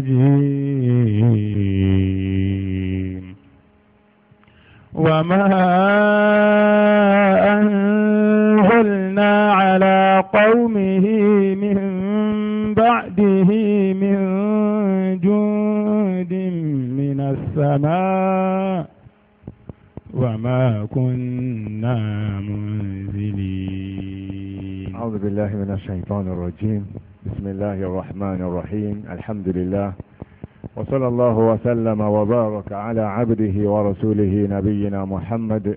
الرجيم وما أنزلنا على قومه من بعده من جند من السماء وما كنا منزلين أعوذ بالله من الشيطان الحمد لله وصلى الله وسلم وبارك على عبده ورسوله نبينا محمد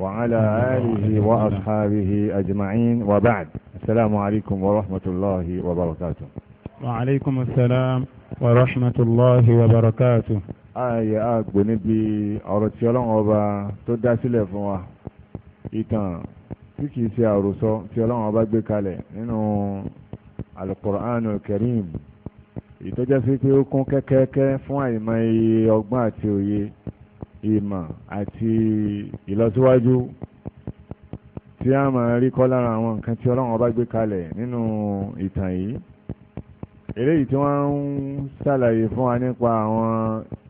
وعلى آله وأصحابه أجمعين وبعد السلام عليكم ورحمة الله وبركاته وعليكم السلام ورحمة الله وبركاته ayé àgbò níbi ọ̀rọ̀ tí ọlọ́run ọba tó dá sílẹ̀ fún wa ìtàn tí kìí ṣe àròsọ tí ìtọ́jẹ́ sí pé ó kún kẹ́kẹ́kẹ́ fún àìmọ̀ iye ọgbọ́n àti òye ìmọ̀ àti ìlọsíwájú tí a máa rí kọ́ lára àwọn nǹkan tí ọlọ́run ọba gbé kalẹ̀ nínú ìtàn yìí eléyìí tí wọ́n ń ṣàlàyé fún wa nípa àwọn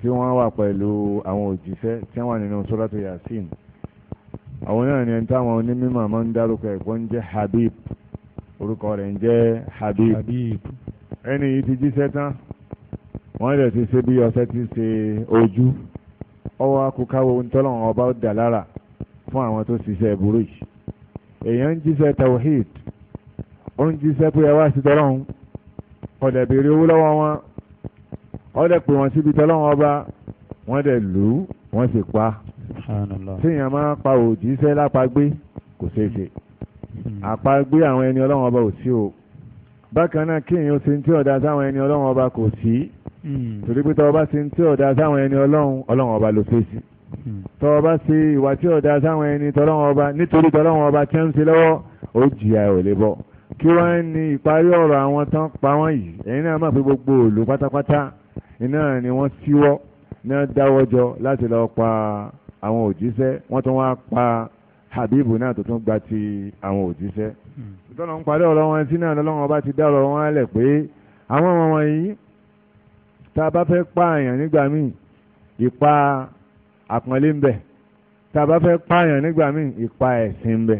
tí wọ́n wà pẹ̀lú àwọn òjíṣẹ́ tí wọ́n wà nínú sọ́dọ̀tò yasin àwọn náà ni ẹni táwọn onímọ̀ máa ń dárúkọ ẹ̀kọ́ ń jẹ́ habib orúkọ rẹ̀ ń jẹ́ Habib ẹni yìí ti jíṣẹ́ tán wọ́n lè ti ṣe bí ọṣẹ ti ṣe ojú ọwọ́ akukáwo ntọ́lọ́wọ́n ọba dà lára fún àwọn tó ṣiṣẹ́ burú yìí èèyàn ń jíṣẹ́ tawhid ó ń jíṣẹ́ pé ẹ wá sí tọ́lọ́hún ọ̀dẹ̀ béèrè owó lọ́wọ́ wọn ọ̀dẹ̀ pè wọ́n síbi tọ́lọ́hún ọba wọ́n dẹ̀ lù ú wọ́n sì pa tíyàn máa pa òjíṣẹ́ lápagbé kò ṣeé ṣe. Hmm. àpá gbé àwọn ẹni ọlọ́run ọba ò sí o bákan náà kí èèyàn ṣe ń tí ọ̀dà sáwọn ẹni ọlọ́run ọba kò sí hmm. torí pé tọ́ ọba ṣe ń tí ọ̀dà sáwọn ẹni ọlọ́run ọlọ́run ọba ló fèsì tọ́ ọba ṣe ìwà tí ọ̀dà sáwọn ẹni tọ́lọ́run ọba nítorí tọ́lọ́run ọba tí ń ṣe lọ́wọ́ ó jìyà ò lè bọ̀ kí wọ́n ní ìparí ọ̀rọ̀ àwọn tán pa wọ́n yìí ẹ̀yin náà má fi gbogbo òòlù pátápátá iná ni wọ́n síwọ́ ní dáwọ́jọ láti lọ pa àwọn òjíṣẹ́ wọ́n tún wá pa habibu náà tó tún gba ti àwọn òjíṣẹ́ hmm. tọ́lọ́ ń parí ọ̀rọ̀ wọn sí náà lọ́wọ́ bá ti dá ọ̀rọ̀ wọn lẹ̀ pé àwọn ọmọ wọn yìí tá a bá fẹ́ pààyàn nígbà míì ìpa àpọ́nlé ń bẹ tá a bá fẹ́ pààyàn nígbà míì ìpa ẹ̀sìn ń bẹ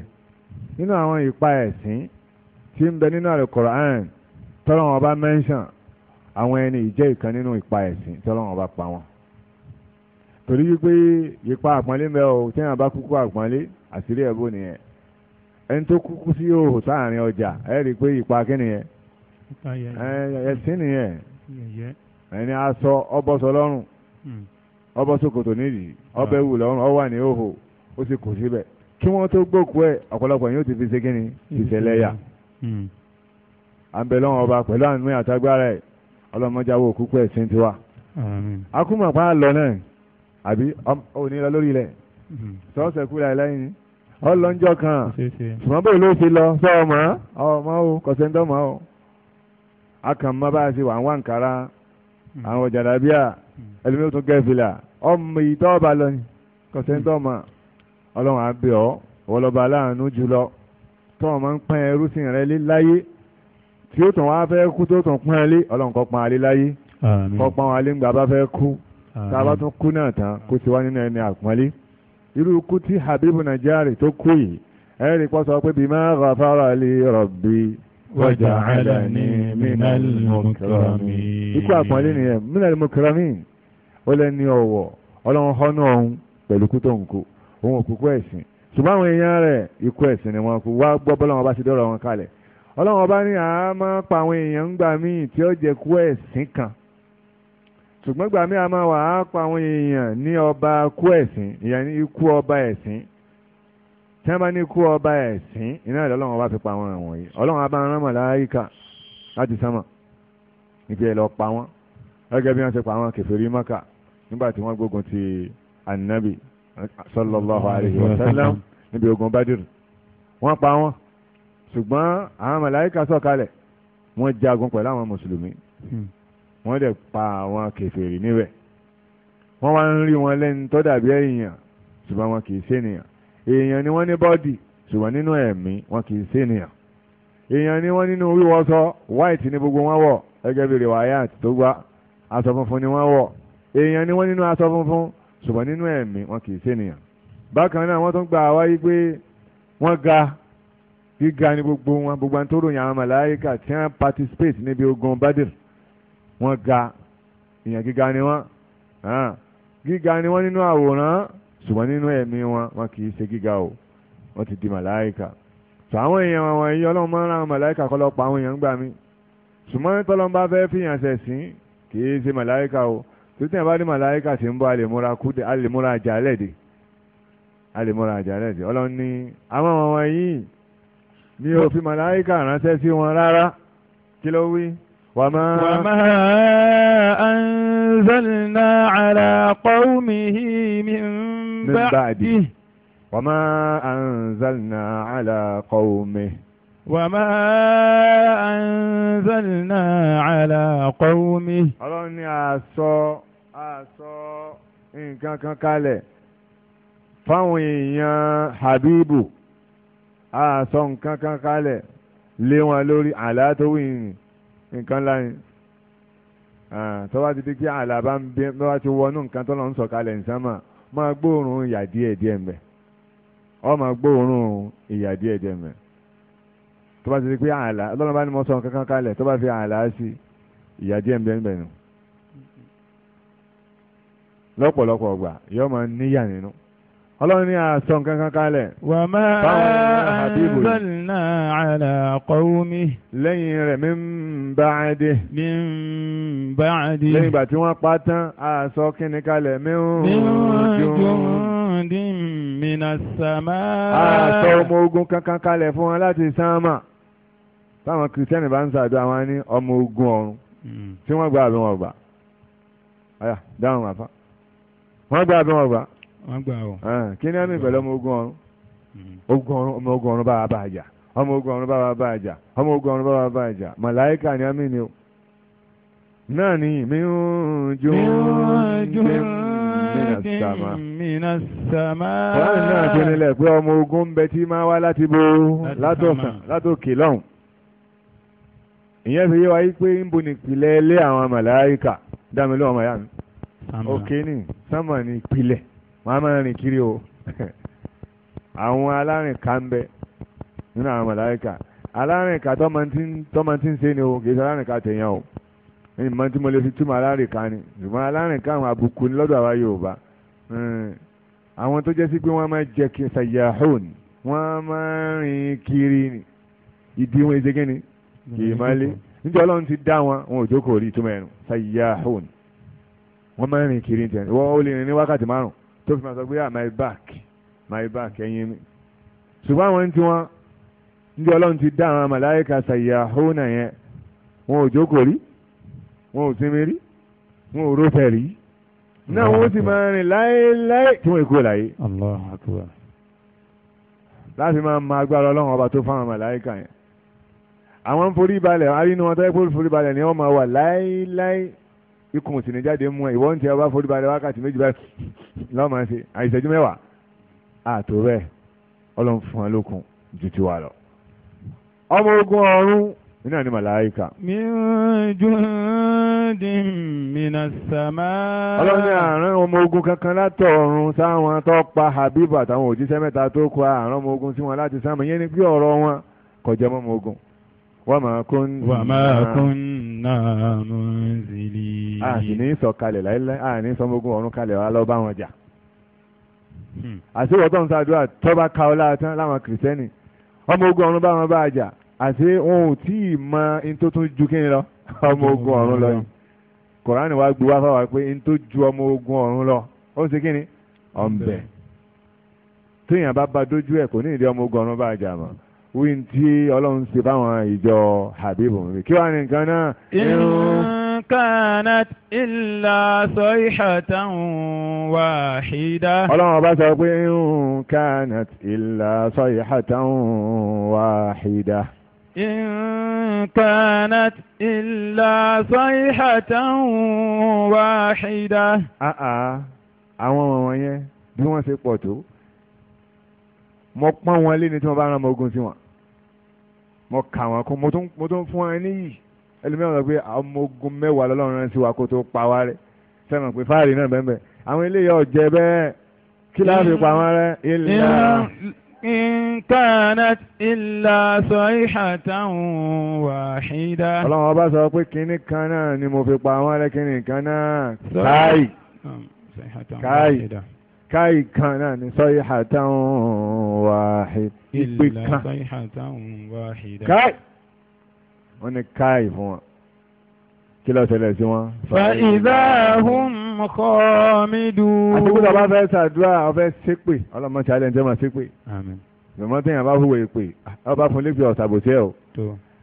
nínú àwọn ìpa ẹ̀sìn tí ń bẹ nínú Al-Qur'an tọ́lọ́ wọn bá mẹ́ńṣàn àwọn ẹni ìjẹ́ ìkan nínú ìpa ẹ̀sìn tọ́lọ́ wọn bá pa wọn torí wípé ìpa àpọ́nlé ń bẹ ò tí wọn bá kúkú àpọ́nlé àṣírí ẹ̀bùn nìyẹn E tó kúkú sí òhò sáàrin ọjà ẹ rí i pé ipa kí nìyẹn ẹsìn nìyẹn ẹni aṣọ ọbọ̀sọ lọ́rùn ọbọ̀sọ hmm. nídìí ọbẹ̀ ah. wù lọ́rùn ọ wà ní òhò ó sì kù kí tó yóò ti ni hmm. ọba pẹ̀lú àánú àtagbára ẹ̀ ọlọ́mọdéjáwó òkú pẹ̀ tiwa akúmọ̀pá lọ náà àbí òní lọ lórí ilẹ̀ hmm. sọ́ọ̀sẹ̀ kúra ẹ̀ ọlọ́njọ́ kan ṣùgbọ́n bóyá ló ṣe lọ sọ ọmọ ọmọ o kọ̀sẹ́ńtọ́mọ o a kàn mọ bá a ṣe wà ń wà ń kára hmm. àwọn ọjà dàbí à hmm. ẹlòmíràn tún gẹ́fìlà ọmọ ìtọ́ ọba lọ ni kọ̀sẹ́ńtọ́mọ ọlọ́run àbẹ̀ ọ́ ọlọ́ba aláàánú jùlọ tọ́wọ́n máa ń pẹ́ ẹrúsìn rẹ lé láyé tí ó tàn wá fẹ́ kú tó tàn pọ́n alé ọlọ́run kọ́ pọ́n alé láyé kọ́ pọ́n alé ńgbà bá fẹ́ kú tá a bá tún kú náà tán kó ti wá nínú ẹni àpọ́nlé irú kú tí Habibu Najari tó kú yìí ẹ rí kó sọ pé bima ghafara li rabbi wa ja'alani minal mukramin. ikú àpọ́nlé nìyẹn minal mukramin ó lẹ́ ní ọ̀wọ̀ ọlọ́run họ́nú ọ̀hún pẹ̀lú kú tó ń kú òun òkúkú ẹ̀sìn ṣùgbọ́n àwọn èèyàn rẹ̀ ikú ẹ̀sìn ni wọ́n kú wá gbọ́ bọ́lá wọn bá ti dọ́rọ̀ wọn kalẹ̀ ọlọ́run ọba ní àá máa pa àwọn èèyàn ń gbà míì tí ó jẹ́ kú ẹ̀sìn kan ṣùgbọ́n gbà mí a máa wà á pa àwọn èèyàn ní ọba kú ẹ̀sìn ìyẹn ní ikú ọba ẹ̀sìn tí wọ́n bá ní ikú ọba ẹ̀sìn iná ìlú ọlọ́run ọba fi pa àwọn ẹ̀wọ̀n yìí ọlọ́run abá rán màláíkà láti sánmà níbi ẹ̀ lọ pa wọ́n gẹ́gẹ́ bí wọ́n ti pa àwọn kèfèrí Mákà nígbà tí wọ́n gbógun ti ànábì sallallahu alayhi wa sallam níbi ogun Badr wọ́n pa wọ́n ṣùgbọ́n àwọn màláíkà sọ̀kalẹ̀ wọ́n jagun pẹ̀lú àwọn mùsùlùmí hmm wọ́n dẹ̀ pa àwọn kèfèrí níbẹ̀ wọ́n wá ń rí wọn lẹ́nu tó dàbí èèyàn ṣùgbọ́n wọn kì í ṣènìyàn èèyàn ni wọ́n ní bọ́dì ṣùgbọ́n nínú ẹ̀mí wọn kì í ṣènìyàn èèyàn ni wọ́n nínú wíwọṣọ white ni gbogbo wọn wọ̀ gẹ́gẹ́ bí rewayat tó gbá aṣọ funfun ni wọ́n wọ̀ èèyàn ni wọ́n nínú aṣọ funfun ṣùgbọ́n nínú ẹ̀mí wọn kì í ṣènìyàn bákan náà wọ́n tún gbà wáyé pé wọ́n ga gíga ni gbogbo wọn gbogbo àwọn tó màláyíkà tí wọ́n participate níbi ogun Badr wọ́n ga ìyẹn gíga ni wọ́n gíga ni wọ́n nínú àwòrán ṣùgbọ́n nínú ẹ̀mí wọn wọn kì í ṣe gíga o wọ́n ti di màláìka tó àwọn èèyàn wọn yìí ọlọ́run máa ń ra àwọn màláìka kọ́ lọ́pọ̀ àwọn èèyàn ń gbà mí ṣùgbọ́n tọ́lọ́n bá fẹ́ fìyàn ṣẹ̀ sí kì í ṣe màláìka o tó tẹ̀ bá dé màláìka sì ń bọ́ àlèmúra kúdẹ àlèmúra àjálẹ̀ dé àlèmúra àjálẹ̀ dé ọlọ́run ní àwọn àwọn wọn yìí ni òfin màláìka ránṣẹ́ sí wọn rárá kí ló wí. وما, وما أنزلنا على قومه من, من بعده وما أنزلنا على قومه وما أنزلنا على قومه ọlọ́run ni àsọ àsọ nǹkan kan kalẹ̀ fáwọn èèyàn habibu àsọ nǹkan kan kalẹ̀ lé wọn lórí àlá tó wí yìí nǹkan ńlá tọ́wá ti di kí àlàbá ń bí ti wọnú nǹkan tọ́lọ́ ń sọ̀kalẹ̀ máa gbóòórùn ìyà díẹ̀ díẹ̀ ọ máa gbóòórùn ìyà díẹ̀ díẹ̀ mbẹ́ tọ́wá ti di kí àlà ọlọ́run bá ní mo ọlọ́run ní àṣọ nǹkan kan kalẹ̀. wà máa anzalna ala qawmi. lẹ́yìn rẹ̀ min ba'di. min ba'di. lẹ́yìn ìgbà tí wọ́n pa tán àṣọ kíni kalẹ̀ min jundin minas sama. àṣọ ọmọ ogun kankan kalẹ̀ fún wọn láti sánmà. táwọn kìrìsìtẹ́nì bá ń ṣàdúrà wọn ní ọmọ ogun ọ̀run. tí hmm. wọ́n gbà àbí wọn gbà. dáhùn àfa. wọ́n gbà àbí wọn gbà wọ́n gbà o. Ah, kí ni àmì pẹ̀lú ọmọ ogun ọ̀run ogun ọ̀run ọmọ ogun ọ̀run bá bá àjà ọmọ ogun ọ̀run bá bá àjà ọmọ ogun ọ̀run bá bá àjà màláìka ni àmì ni o náà ni mi ń jó mina sama. wọ́n náà tó nílẹ̀ pé ọmọ ogun ń bẹ tí máa wá láti bo látọ̀kàn látòkè lọ́hùn. ìyẹn fi yé wa yí pé ń bo nípìnlẹ̀ ilé àwọn màláìka dámi lọ́wọ́ ọmọ yá mi. òkè ni sámà ni ìpìlẹ̀ wọ́n á máa rìn kiri o àwọn alárìnká ń bẹ nínú àwọn màláíkà alárìnká tọ́mọ tí ń ṣe ni o kì í ṣe alárìnká tèèyàn o ní ìmọ̀ tí mo lè fi túmọ̀ alárìnká ni ṣùgbọ́n alárìnká àwọn àbùkù ni lọ́dọ̀ àwa Yorùbá hmm. àwọn tó jẹ́ sí pé wọ́n máa jẹ́ kí sayahun wọ́n máa rìn kiri ni ìdí wọn ṣe kíni kì í máa lé níjẹ́ ọlọ́run ti dá wọn wọn ò jókòó rí ìtumọ̀ ẹ̀rù sayahun wọ́n máa rìn kiri ní tẹ̀ wọ́n ó lè rìn ní wákàtí márùn-ún tó fi máa sọ pé ah my back my back ẹ̀yìn mi ṣùgbọ́n àwọn tí wọ́n ndí ọlọ́run ti dá àwọn màláíkà sàyàhónà yẹn wọn ò jókòó rí wọn ò sinmi rí wọn ò rófẹ̀ rí náà wọn ó sì máa rìn láéláé tí wọn èkó láyé láti máa ma agbára ọlọ́run ọba tó fáwọn màláíkà yẹn àwọn forí balẹ̀ arínú wọn tó yẹ kó forí balẹ̀ ni wọ́n máa wà láéláé ikùn sì ní jáde mú ẹ ìwọ ń tẹ ọba forí balẹ̀ wákàtí méjì báyìí lọ́mọ ṣe àìsẹ̀jú mẹ́wàá àtò bẹ́ẹ̀ ọlọ́run fún ju ti wa lọ. ọmọ ogun ọ̀run iná ni màláìka. mi ò júndì mìíràn sàmá. ọlọ́run àárín ọmọ ogun kankan látọ̀ ọ̀run sáwọn tó pa Habibu àtàwọn òjíṣẹ́ mẹ́ta tó kọ àárín ọmọ ogun sí wọn láti sáwọn yẹn ni pé ọ̀rọ̀ wọn kọjá ọmọ ogun. wàmà kún. kún náà mú zìlì a sì ní sọ̀kalẹ̀ láíláí a ní sọmọgún ọ̀run kalẹ̀ wa lọ bá wọn jà hmm. àti wọ́n tó ń ṣàdúrà tọ́ba ka ọ láàtán láwọn kìrìsẹ́nì ọmọ ogun ọ̀run bá wọn bá a jà àti wọn ò tí ì mọ in tó tún ju kí lọ ọmọ ogun ọ̀run lọ yìí kòránì wa gbé wá fáwọn pé in tó ju ọmọ ogun ọ̀run lọ ó ń ṣe kí ni ọ̀nbẹ téèyàn bá ba dójú ẹ̀ kò ní ìdí ọmọ ogun ọ̀run bá jà mọ́ wí ní tí ọlọ́run ṣe fáwọn ìjọ Habibu kí wàá ní nǹkan náà. كانت إلا صيحة واحدة ọlọ́run ọba sọ pé كانت إلا صيحة واحدة إن كانت إلا صيحة واحدة àà àwọn ọmọ wọn yẹn bí wọ́n ṣe pọ̀ tó mo pọ́n wọn lé ní tí wọ́n bá rán ọmọ sí wọn mo kà wọn kó mo tún fún wọn níyì ẹlòmíràn sọ pé ọmọ ogun mẹ́wàá lọ́lọ́run rán sí wa kó tó pa wá rẹ sẹ́wọ̀n pé fáàrí náà bẹ́ẹ̀ bẹ́ẹ̀ àwọn eléyà ọ̀jẹ̀ bẹ́ẹ̀ kí láàbì pa wọ́n rẹ. in kanat illa sayhatan wahida. ọlọ́run ọba sọ pé kinní kan náà ni mo fi pa wọ́n rẹ kinní kan náà káì káì káì kan náà ni sayhatan wahida. ìpè kan káì wọ́n ní káì fún wọn kí ló ṣẹlẹ̀ sí wọn. fàìdá hum khamidun. àti kúta bá fẹ́ ṣàdúrà ọfẹ́ ṣépè ọlọ́mọ tí alẹ́ ń tẹ́ máa ṣépè. ìmọ̀ tẹ̀yìn bá fúwe èpè ọba fún lẹ́gbẹ̀ẹ́ ọ̀sàbòsí ẹ̀ o.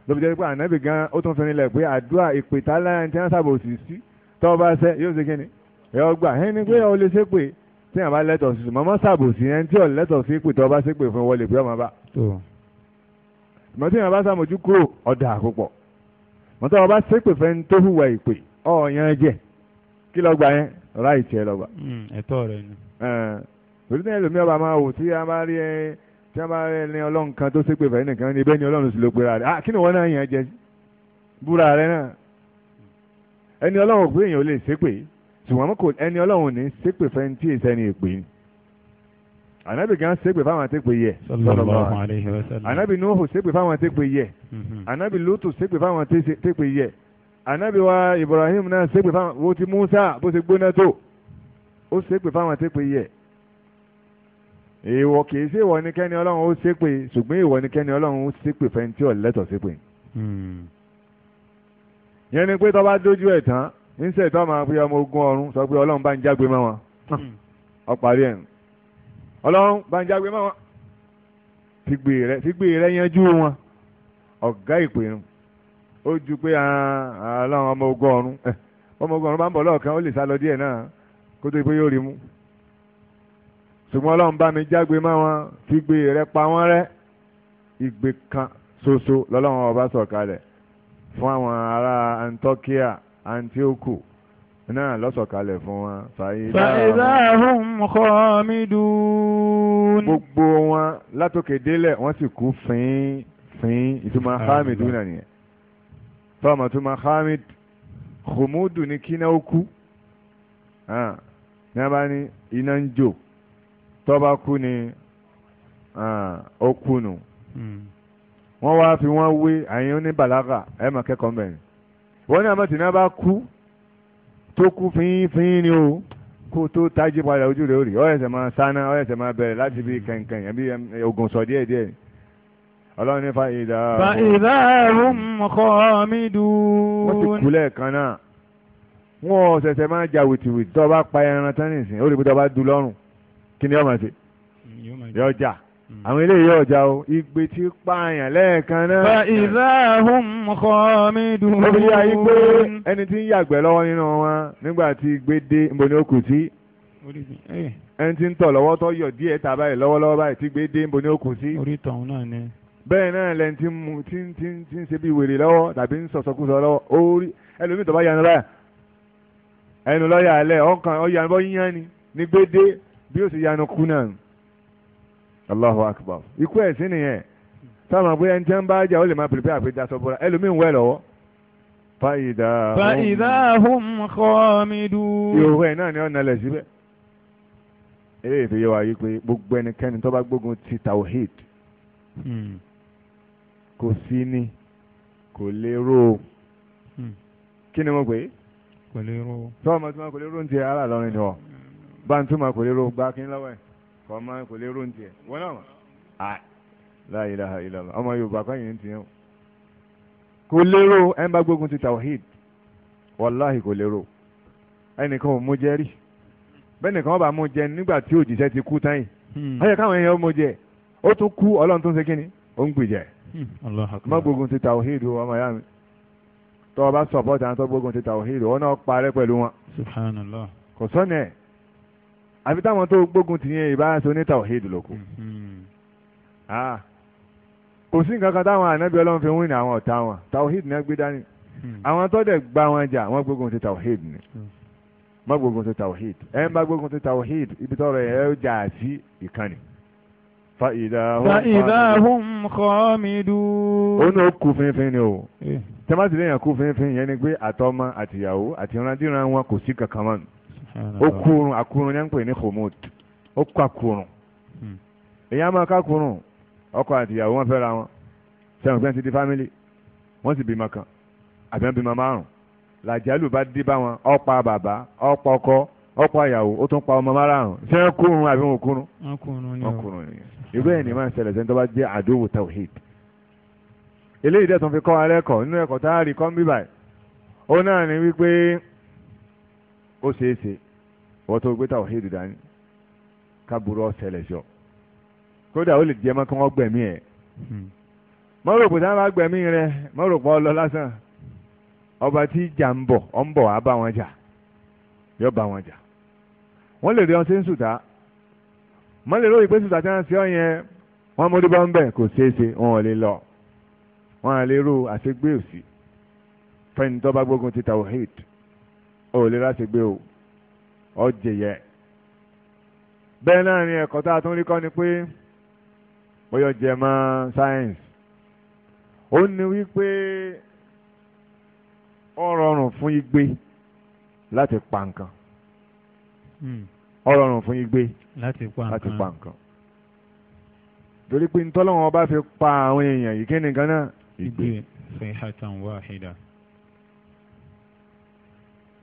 lóbi jẹ́ pé ànábì gan ó tún fi nílẹ̀ pé àdúrà ìpè tálá ń tẹ́ ṣàbòsí sí tọ́ bá ṣẹ́ yóò ṣe kíni. ẹ̀ ọgbà ẹni pé ó lè ṣépè tẹ̀yìn bá lẹ́tọ̀ sí mọ́mọ́ ṣàbòsí ẹni tí ò lẹ́tọ̀ sí ìpè tọ́ bá ṣépè fún wọlé pé mọ̀tí yẹn bá sàmójú kúrò ọ̀dà àkópọ̀ mọ̀tí yẹn bá ṣépè fẹ́ tó hùwà ìpè ọ̀ọ̀yàn jẹ kí lọ́gbà yẹn ráì tiẹ̀ lọ́gbà. Hmm, ẹ̀tọ́ rẹ ni. torí náà ẹlòmíì ọba máa wò tí a ẹ tí a bá rí ẹni ọlọ́run kan tó ṣépè fẹ́ nìkan ni bẹ́ẹ̀ ni ọlọ́run sì ló pera rẹ̀ ah, kí ni wọ́n náà yẹn jẹ búra rẹ náà ẹni ọlọ́run òpin èèyàn ò lè ṣépè ṣùgbọ́n ẹni ọlọ́run ní ṣépè fẹ́ ní tí èsẹ́ ni èpè ni ànábì gan ṣépè fáwọn àtẹ́pẹ́ yẹ sallallahu alaihi wasallam ànábì nuhu ṣépè fáwọn àtẹ́pẹ́ yẹ mhm. ànábì lutu ṣépè fáwọn àtẹ́pẹ́ yẹ ànábì wa ibrahim náà ṣépè fáwọn wo ti musa bó ṣe gbóná tó ó ṣépè fáwọn àtẹ́pẹ́ yẹ ìwọ kìí ṣe ìwọ nìkẹ́ni ọlọ́run ó ṣépè ṣùgbọ́n ìwọ nìkẹ́ni ọlọ́run ó ṣépè fẹ́ntì ọ̀lẹ́tọ̀ ṣépè. Hmm. yẹn ni pé tó bá dójú ẹ̀ tán ń ṣètò ọmọ ogun ọ̀run sọ pé ọlọ́run bá ń jágbe mọ́ wọn ọ̀parí hmm ọlọ́run banjagbe mọ́ wọn fìgbè rẹ fìgbè rẹ yanjú wọn ọ̀gá ìpinnu ó ju pé ọlọ́run ọmọ ogun ọ̀run eh, ọmọ ogun ọ̀run bá ń bọ̀ lọ́ọ̀kan ó lè sá lọ díẹ̀ náà kó tó pé yóò rí mú ṣùgbọ́n ọlọ́run bá mi jágbe mọ́ wọn fìgbè rẹ pa wọ́n rẹ́ ìgbè kan ṣoṣo lọ́lọ́run ọba sọ̀kalẹ̀ fún àwọn ará Antiochia Antioku náà lọ́sọ̀kalẹ̀ fún wa. fàìdá hum khamidun. gbogbo wọn látòkè délẹ̀ wọ́n sì kú fín fín ìtumọ̀ hamidu náà nìyẹn. tọ́mọ̀ túmọ̀ hamid khumudu ni kí náà ó kú. ní a bá ní iná ń jò tọ́ba kú ni ó kú nù. Hmm. wọ́n wá fi wọ́n wé àyìn oníbàlágà ẹ̀ mọ̀ kẹ́kọ̀ọ́ mẹ́rin. wọ́n ní àmọ́ tìǹbà bá kú tó kú fínfín ni o kó tó tají padà ojú rẹ̀ ó rí máa sáná ọ̀yẹ̀sẹ̀ máa bẹ̀rẹ̀ láti bí kankan yẹn ogun sọ díẹ̀ díẹ̀ ọlọ́run ní fa ìdá. fa ìdá hum khamidun. wọ́n ti kú lẹ́ẹ̀kan náà wọ́n ṣẹ̀ṣẹ̀ máa jà wìtìwìtì tó bá pa ẹran tán nìsín ó rí pé tó bá du lọ́rùn kí ni yóò máa ṣe yóò jà. Mm. àwọn eléyìí ọjà o igbe ti pààyàn lẹ́ẹ̀kan náà. fa ìzáhùn kọ́mídùn. ó fi yá yí pé ẹni tí ń yàgbẹ́ lọ́wọ́ nínú wọn nígbà tí igbe dé níbo ni ó kù sí. Eh. ẹni tí ń tọ̀ lọ́wọ́ tó yọ̀ díẹ̀ ta báyìí lọ́wọ́lọ́wọ́ báyìí tí igbe dé níbo ni ó kù sí. orí tọ̀hún náà ni. bẹ́ẹ̀ náà lẹ́ni tí ń tí ń tí ń tí ń ṣe bí wèrè lọ́wọ́ tàbí ń sọ̀sọkúsọ lọ́wọ́ orí ẹlòmíì tó bá yanu báyà ẹnu lọ́yà alẹ́ ọkàn ọyànbọ́ yíyan ni ní gbé dé bí ó sì yanu kú náà Allahu akbar ikú ẹ̀sìn nìyẹn táwọn àbúyẹ ń tẹ́ ń bá jà ó lè máa pèlè pé àpèjà sọ bọ́ra ẹlòmíín wẹ̀ lọ́wọ́. fàyídà fàyídà hum khamidun. yòówù ẹ̀ náà ni ọ̀nà lẹ̀ síbẹ̀. eléyìí fi yé wa yí pé gbogbo ẹnikẹ́ni tó bá gbógun ti tawhid hmm. kò sí ni kò lè hmm. kí ni mo pè é. kò lè ró o. tún ma kò lè ń ti ara lọ́rin ni wọ́n bá ń tún ma kò lè gbá kí n lọ́wọ́ ẹ̀. kọ́ kò lè rò ní tiẹ̀ náà mọ̀ la ilaha illallah ọmọ yorùbá kọ́yìn kò lérò bá ti tawhid wàláhì kò lérò ẹnìkan ò mú jẹ rí bẹ́ẹ̀ nìkan mú jẹ nígbà tí òjíṣẹ́ ti kú tán yìí hmm. káwọn èèyàn mú jẹ ó tún kú ọlọrun tó ń ṣe ó ń gbìjẹ hmm, gbógun ti tawhid o ọmọ ìyá mi tọ́ tawhid o àfi táwọn tó gbógun tì yẹn ìbá aṣọ ní tawhid lóko hmm. ah. kò sí nǹkan kan táwọn ànábì ọlọ́run fi ń wí àwọn ọ̀tá wọn tawhid náà gbé dání hmm. àwọn tó dẹ̀ gbá wọn jà wọ́n gbógun ti tawhid ni má hmm. gbógun ti tawhid ẹ̀ ń bá gbógun ti tawhid ibi tọrọ ẹ̀ ó jà sí ìkànnì. فإذا هم خامدون ó ní ó kú fínfín ni o eh. tẹ́mátì lẹ́yìn kú fínfín yẹn ni pé àtọmọ àtìyàwó àti ìrandíran wọn kò sí kankan mọ́nu ó kúrun àkúrun ní à ń pè ní khomod ó kọ àkúrun hmm. èyí á máa ká kúrun ọkọ àtìyàwó wọn fẹ́ra wọn sẹ́wọ̀n pé ń ti di fámìlì wọ́n sì bímọ kan àbí wọ́n bímọ márùn làjálù bá dé bá wọn ó pa bàbá ó pa ọkọ ó pa ìyàwó ó tún pa ọmọ márùn ṣé ń kúrun àbí wọn kúrun wọn kúrun ni irú ẹ̀ ní máa ń ṣẹlẹ̀ sẹ́ni tó bá jẹ́ àdówò tawhid eléyìí dẹ̀ fi kọ́ alẹ́ kọ̀ nínú ẹ̀kọ́ tá a rí kọ́ ń bíbà ó náà ní wípé ó ṣeé ṣe wọ́n tó gbé tàwọ̀hídì dání kábúrú ọ̀sẹ̀lẹ̀ sọ kódà ó lè jẹ́ mọ́ kí wọ́n gbẹ̀mí ẹ̀ hmm. mọ́ rò pé táwọn bá gbẹ̀mí rẹ mọ́ rò pé ọ lọ lásán ọba tí ìjà ń bọ̀ ọ̀ ń bọ̀ wá bá wọn jà yọ bá wọn jà wọ́n lè rí ọ sí ń sùtá mọ́ lè ròyìn pé sùtá tí wọ́n ń ṣe ọ yẹn wọ́n mú dúbọ́ ń bẹ̀ kò ṣeé ṣe wọn ò lè lọ wọn à lè rò àṣegbé òsì fẹ́ni tó bá gbógun ti tàwọ̀hídì ò lè ráṣegbé o. ọ̀jẹ̀yẹ bẹ́ẹ̀ náà ni ẹ̀kọ́ tá a tún rí kọ́ ni pé bóyá jẹ mọ́ science ó ní wípé ó rọrùn fún igbe láti pa nǹkan hmm. ó rọrùn fún igbe láti pa nǹkan torí pé ntọ́lọ́wọ́n bá fi pa àwọn èèyàn yìí kí nìkan náà igbe.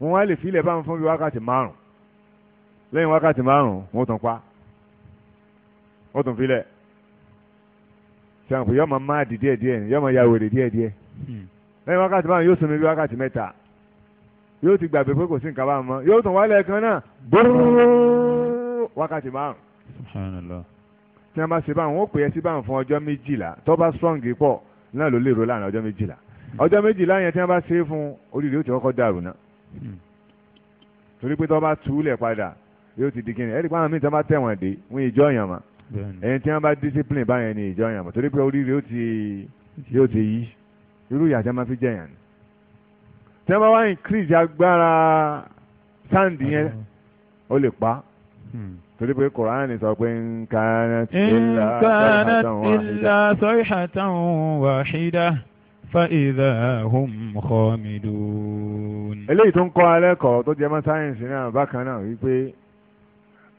wọ́n wá lè filẹ̀ bá ń fún bí wákàtí márùn lẹ́yìn wákàtí márùn wọ́n tún pa wọ́n tún filẹ̀ sàǹpù yọ́ọ́ máa máa di díẹ̀ díẹ̀ yọ́ọ́ máa ya wèrè díẹ̀ díẹ̀ hmm. lẹ́yìn wákàtí márùn yóò sinmi bí wákàtí mẹ́ta yóò ti gbàgbé pé kò sí nǹkan báwọn mọ́ yóò tún wálé ẹ̀kan náà gbóró wákàtí márùn. tí wọ́n bá ṣe báwọn wọ́n pè é sí báwọn fún ọjọ́ méjìlá tó bá strong pọ̀ náà ló lè ro láàrin ọjọ́ méjìlá ọjọ́ méjìlá yẹn tí wọ́n bá ṣe fún oríire ó ti kọ́kọ́ dàrú náà torí pé tó bá túlẹ̀ padà yóò ti di kíni ẹ̀rí pàmò míì tó bá tẹ̀wọ̀n dé wọ́n ìjọ yàn mà ẹni tí wọ́n bá discipline báyẹn ni ìjọ yàn mà torí pé oríire yóò ti yí irú ìyá tí wọ́n fi jẹ̀yàn ni tí wọ́n bá wá increase agbára sáǹdì yẹn ó lè pa hmm. torí pé kòránì sọ pé ń kánà ìlà sọ́yìnàtàn wàhídà fa ìdá hùm kọ́mìdù. eléyìí tó ń kọ́ alẹ́kọ̀ọ́ tó jẹ́ mọ́ sáyẹ́ǹsì náà bákan náà wípé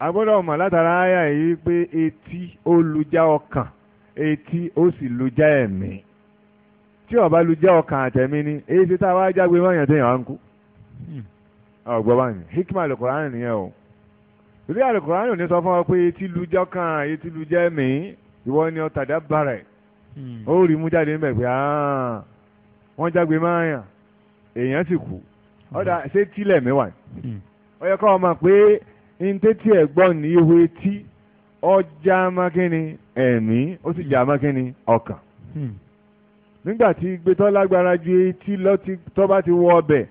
agbọ́dọ̀ mọ̀ látara àyà yìí pé etí ó lujá ọkàn etí ó sì lujá ẹ̀mí tí ó bá lujá ọkàn àtẹ̀mí ni èyí tí táwa jágbe mọ́yàn tẹ̀yàn á ń kú ọ̀gbọ́n hmm. bá ní hikma alukóran nìyẹn o torí alukóran ò ní sọ fún ọ pé etí lujá ọkàn etí lujá ẹ̀mí ìwọ ni ọ̀tàdá bàrẹ̀ hmm. ó rí mú jáde níbẹ̀ pé wọ́n jágbe mọ́yàn èèyàn sì kú ọ̀dà ṣé tílẹ̀ mi wà hmm. kọ́ ọ pé tẹ́tí ẹ̀ gbọ́ ní ihu etí ọjà mákínni ẹ̀mí ó sì jà mákínni ọkàn. Hmm. nígbà tí ju etí lọ́tí bá ti wọ ọbẹ̀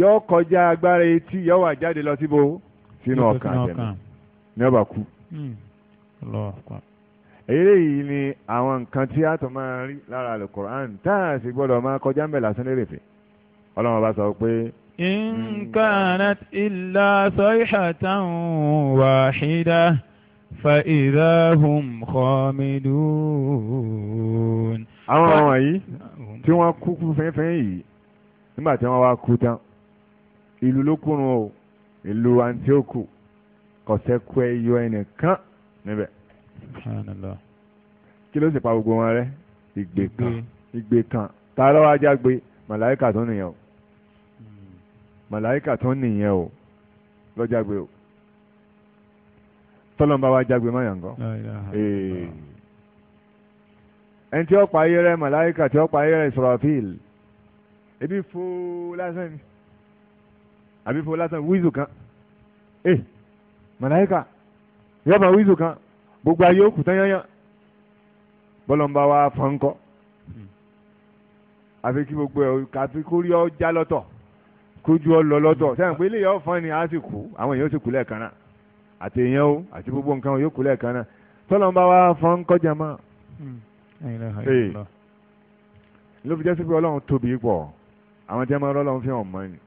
yọ kọjá agbára etí yọ wà jáde lọ síbo sínú ọkàn ní ọba kú. Hmm. eléyìí ni àwọn nǹkan tí a máa rí lára gbọ́dọ̀ máa kọjá ń bẹ̀ lásán lérè إن كانت إلا صيحة واحدة فإذا هم خامدون àwọn ọmọ yìí tí wọ́n kú kú fẹ́fẹ́ yìí nígbà tí wọ́n wá kú tán ìlú ló kúrun o ìlú Antioku kọ̀sẹ́kù ẹyọ ẹnìkan níbẹ̀. kí ló sì pa gbogbo wọn rẹ́ ìgbè kan ìgbè kan tá a lọ́wọ́ ajá gbé màláìkà tó nìyẹn o màláìkà tó ń nìyẹn o lọ́jàgbé o tọ́lọ́mbà wa jágbe má yàn gan. ẹni tí ó pa ayé rẹ màláìkà tí ó pa ayé rẹ Israfil ebi fo lásán ni àbí fo lásán wíìzù kan eh màláìkà yọba wíìzù kan gbogbo ayé ó kù tán yányán bọ́lọ́mbà wa fọ́nkọ́ hmm. àfi kí gbogbo ẹ̀ kàfi kórí ọ lọ́tọ̀ kójú ọ lọ lọ́tọ̀ sẹ́yìn pé ilé yẹn fún ẹni á sì kú àwọn èèyàn sì kú lẹ́ẹ̀kan náà àti èèyàn o àti gbogbo nǹkan yóò kú lẹ́ẹ̀kan náà tọ́lọ́ ń bá wa fọ́n kọjá mọ́. ló fi jẹ́ sí pé ọlọ́run tóbi pọ̀ àwọn tí máa rọ́ fi hàn mọ́ ni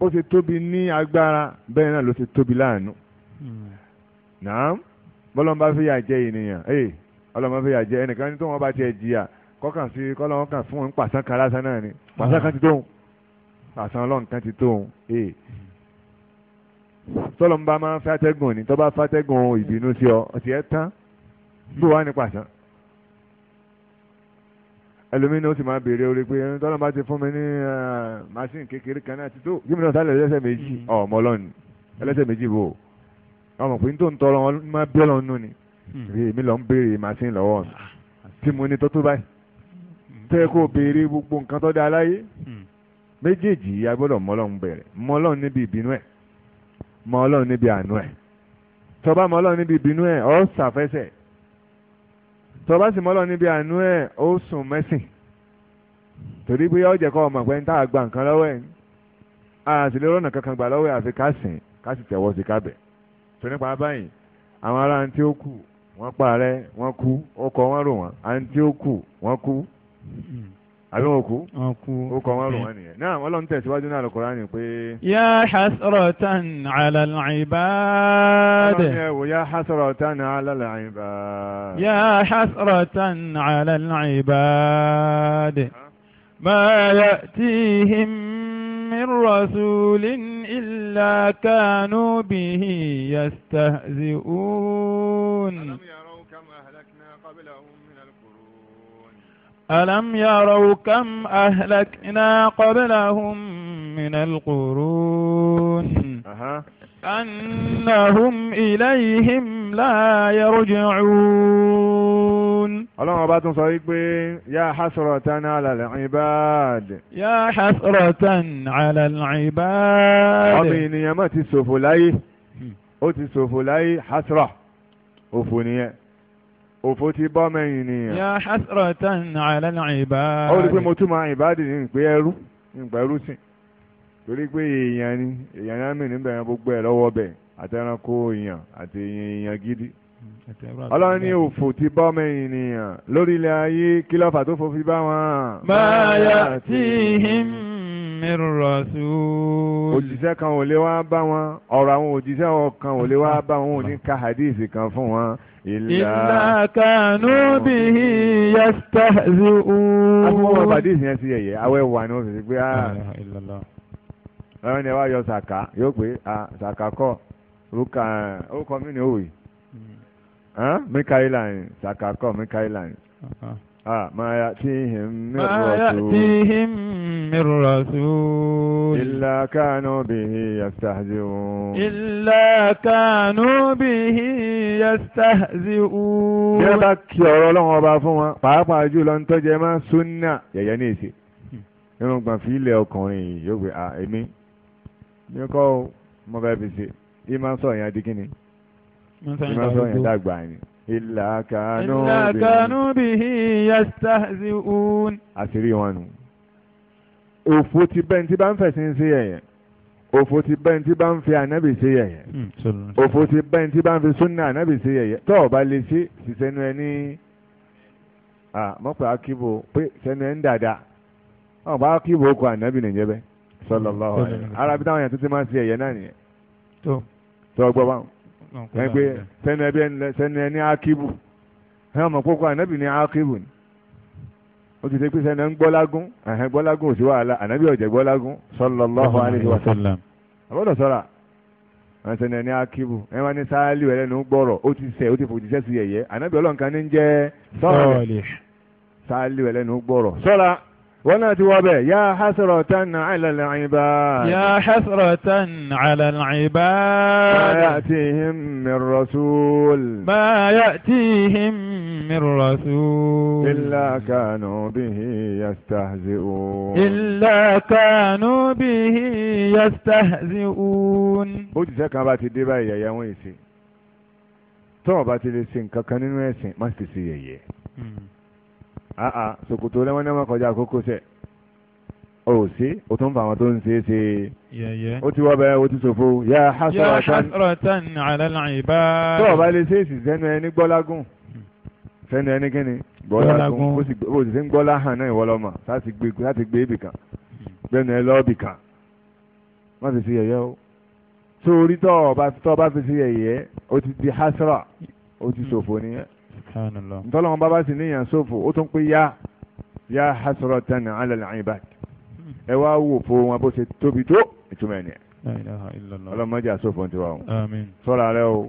ó ti tóbi ní agbára bẹ́ẹ̀ náà ló ti tóbi láàánú. Hmm. nàám bọ́lọ́n bá fìyà jẹ ènìyàn ọlọ́run fìyà jẹ ẹnìkan tó wọn bá tiẹ̀ jìyà kọ́kàn sí kọ́lọ́run ni pàṣán kan ti àṣà ọlọ́run kan ti tó òun ee eh. tọ́lọ́mùbá máa ń fẹ́ atẹ́gùn ní tọ́ba fàtẹ́gùn ìbínú sí ọ ọtí ẹ tán bó wà ní pàṣán ẹlòmínú ó sì máa béèrè orí pé ẹni tọ́lọ́mùbá ti fún mi ní eh, màsíìn kékeré kan náà ti tó kí mi náà sálẹ̀ mm-hmm. ẹlẹ́sẹ̀ méjì ọmọ ọlọ́run ẹlẹ́sẹ̀ méjì bò ọmọ pé nítorí tọrọ wọn máa bí ọlọ́run nù ni mm-hmm. èmi lọ ń béèrè màsíìn lọ́wọ́ mi ah, tí mo ní tó tó báyìí mm-hmm. tẹ́ kó béèrè gbogbo nǹkan tó dá aláyé méjèèjì yìí a gbọ́dọ̀ mọ́lọ́run bẹ̀rẹ̀ mọ́lọ́run níbi ìbínú ẹ̀ mọ́lọ́run níbi àánú ẹ̀ tọba mọ́lọ́run níbi ìbínú ẹ̀ ọ́ sàfẹ́sẹ̀ tọba sì mọ́lọ́run níbi àánú ẹ̀ ó sùn mẹ́sìn torí pé ọ̀jẹ̀ kọ́ ọmọ pé ń tá a gba nǹkan lọ́wọ́ ẹ̀ a sì lè rọ́nà kankan gbà lọ́wọ́ ẹ̀ àfi ká sìn ká sì tẹ̀wọ́ sí kábẹ̀ tó nípa báyìí àwọn ará àǹtí ó kù wọ́n parẹ́ wọ́n kú ó kọ wọ́n rò wọ́n àǹtí ó kù wọ́n kú àbí wọn kú ó kọ wọn rùn wọn nìyẹn náà wọn lọ ń tẹ̀síwájú náà lọ́kọ̀ọ́rá ni pé. yá hasratan ala al-ibad. ọlọ́run yẹ wò yá hasratan ala al-ibad. yá hasratan ala al-ibad. ma ya'tihim min rasulin illa kanu bihi yastahzi'un. ألم يروا كم أهلكنا قبلهم من القرون أنهم إليهم لا يرجعون اللهم بات صديق يا حسرة على العباد يا حسرة على العباد أبي نيمة السفلي أتي السفلي حسرة أفنيه òfò ti bọ́ mẹ́yìn nìyẹn. ya hasratan ala al-ibad. ó rí i pé mo túmọ̀ ìbádìí ní ìpè ẹrú ìpè ẹrú sìn torí pé èèyàn ni èèyàn ní àmì níbẹ̀ gbogbo ẹ̀ lọ́wọ́ bẹ̀ àtẹnukó èèyàn àti èèyàn gidi ọlọ́run ní òfò ti bọ́ mẹ́yìn nìyàn lórí ilẹ̀ ayé kí lọ́fà tó fò fi bá wọn. máa tí him mẹ́rù rasul. òjíṣẹ́ kan ò lè wá bá wọn ọ̀rọ̀ àwọn òjíṣẹ́ kan ò lè wá bá wọn ò ka hadith kan fún wọn. Ìlà kanú bí i yastahzi'un. Akúkú wọn bàdí ìsìn yẹn sí ẹ̀yẹ, awẹ́ wà ní oṣù sí pé á. Ah. Ọ̀rọ̀ ni ẹ wá yọ sàkà, yóò pé ah, sàkà kọ̀, orúkọ mi ni òwe mikaela yẹn sàkàkọ mikaela yẹn. ما يأتيهم من ما رسول يأتيهم Maya رسول إلا كانوا به يستهزئون إلا كانوا به يستهزئون bí a bá kí ọ̀rọ̀ ọlọ́run ọba fún wọn pàápàá jùlọ ń tọ́jú ẹ máa súnà yẹ̀yẹ́ ní èsì nínú gbọ̀n fi ilẹ̀ ọkùnrin yìí yóò gbé à èmi ní kọ́ ọ mo bẹ́ẹ̀ fi ṣe ìmọ̀ sọ̀yìn adigun ni ìmọ̀ sọ yẹn dàgbà ni. ìlà kanu bihi yastahzi'un. àṣírí wọn nù. òfò ti bẹ́ẹ̀ tí bá ń fẹ̀sìn sí yẹ̀yẹ̀ òfò ti bẹ́ẹ̀ tí bá ń fi ànábì sí yẹ̀yẹ̀ hmm, òfò ti bẹ́ẹ̀ tí bá ń fi súnà ànábì sí yẹ̀yẹ̀ tó o bá lè ṣe ṣiṣẹ́nu ẹ ní mọ́pẹ́ akíbo pé ṣẹ́nu ẹ ń dàda ọ̀pá akíbo kọ ànábì nìyẹn bẹ́ẹ̀ hmm, sallallahu alaihi arabi táwọn yẹn ti máa ṣe yẹ̀yẹ̀ náà nìyẹn tó gbọ́ báwọn ẹ pé sẹ́ni ẹbí sẹ́ni ẹni akíbù ẹ mọ̀ kókó ànábì ni akíbù ni ó ti ṣe pé sẹ́ni ń gbọ́lágún ẹ̀hẹ́n gbọ́lágún ò sí wàhálà ànábì ọ̀jẹ̀ gbọ́lágún sallallahu alaihi wa sallam àbọ̀dọ̀ sọ́ra wọn sẹni ẹni akíbu ẹ wọn ní sáálì rẹ lẹnu gbọrọ ó ti sẹ ó ti fòjì sẹsì yẹyẹ ànábì ọlọ́nkan ní ń jẹ sọ́ọ̀lì sáálì rẹ lẹnu gbọrọ sọ́ra wọ́n náà ti wọ́ bẹ̀ yá hasratan ala al-ibad. yá hasratan ala al-ibad. ma ya'tihim min rasul. ma ya'tihim min rasul. illa kanu bihi yastahzi'un. illa kanu bihi yastahzi'un. ó ti sẹ́ kan bá ti dé báyìí yẹ̀yẹ́ wọ́n yìí sí. tọ́ọ̀ bá ti lè ṣe nǹkan kan nínú ẹ̀sìn má sì ṣe yẹ̀yẹ́. Hmm àà ah, ah, ṣòkòtò lẹ́wọ́n náà kọjá kókósẹ̀ o sí o tún fà wọn tó ń ṣe é ṣe yẹyẹ o ti wọ́ bẹ́ẹ̀ o ti ṣòfò yà hasratan ala al-ibad tó o bá lè ṣe èsì sẹ́nu ẹni gbọ́lágùn sẹ́nu ẹni kíni gbọ́lágùn o sì ṣe ń gbọ́lá hàn náà ìwọ lọ́mọ láti gbé ibì kan gbẹ́nu ẹ lọ́ọ̀bì kan má fi ṣe yẹyẹ o sórí tó o bá fi ṣe yẹyẹ o ti di hasra o ti ṣòfò nìyẹn ntọ́lọ́wọ́n bábá sì níyàn sófò ó tún pé yá yá hasratan ala al-ibad ẹ wá wò fún wọn bó ṣe tóbi tó ìtumọ̀ ẹ̀ nìyẹn ọlọ́mọdé àsòfò ti wà o sọ́ra rẹ o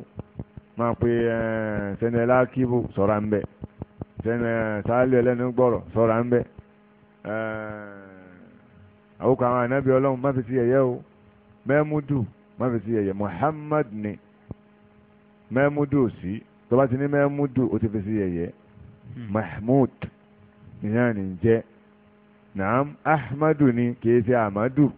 máa pe sẹ́ni ẹ̀ lákìbù sọ́ra ń bẹ̀ sẹ́ni sáálù ẹlẹ́nu gbọ́rọ̀ sọ́ra ń bẹ̀ àwòkọ́ àwọn ànábì ọlọ́run má fi sí ẹ̀yẹ o mẹ́múdù má fi sí ẹ̀yẹ Muhammad ni mẹ́múdù sí. tọba ti ní mẹ́múdù ó ti fi sí yẹ̀yẹ́ hmm. mahmud ìyá ni ń naam ahmadu ni kìí ṣe amadu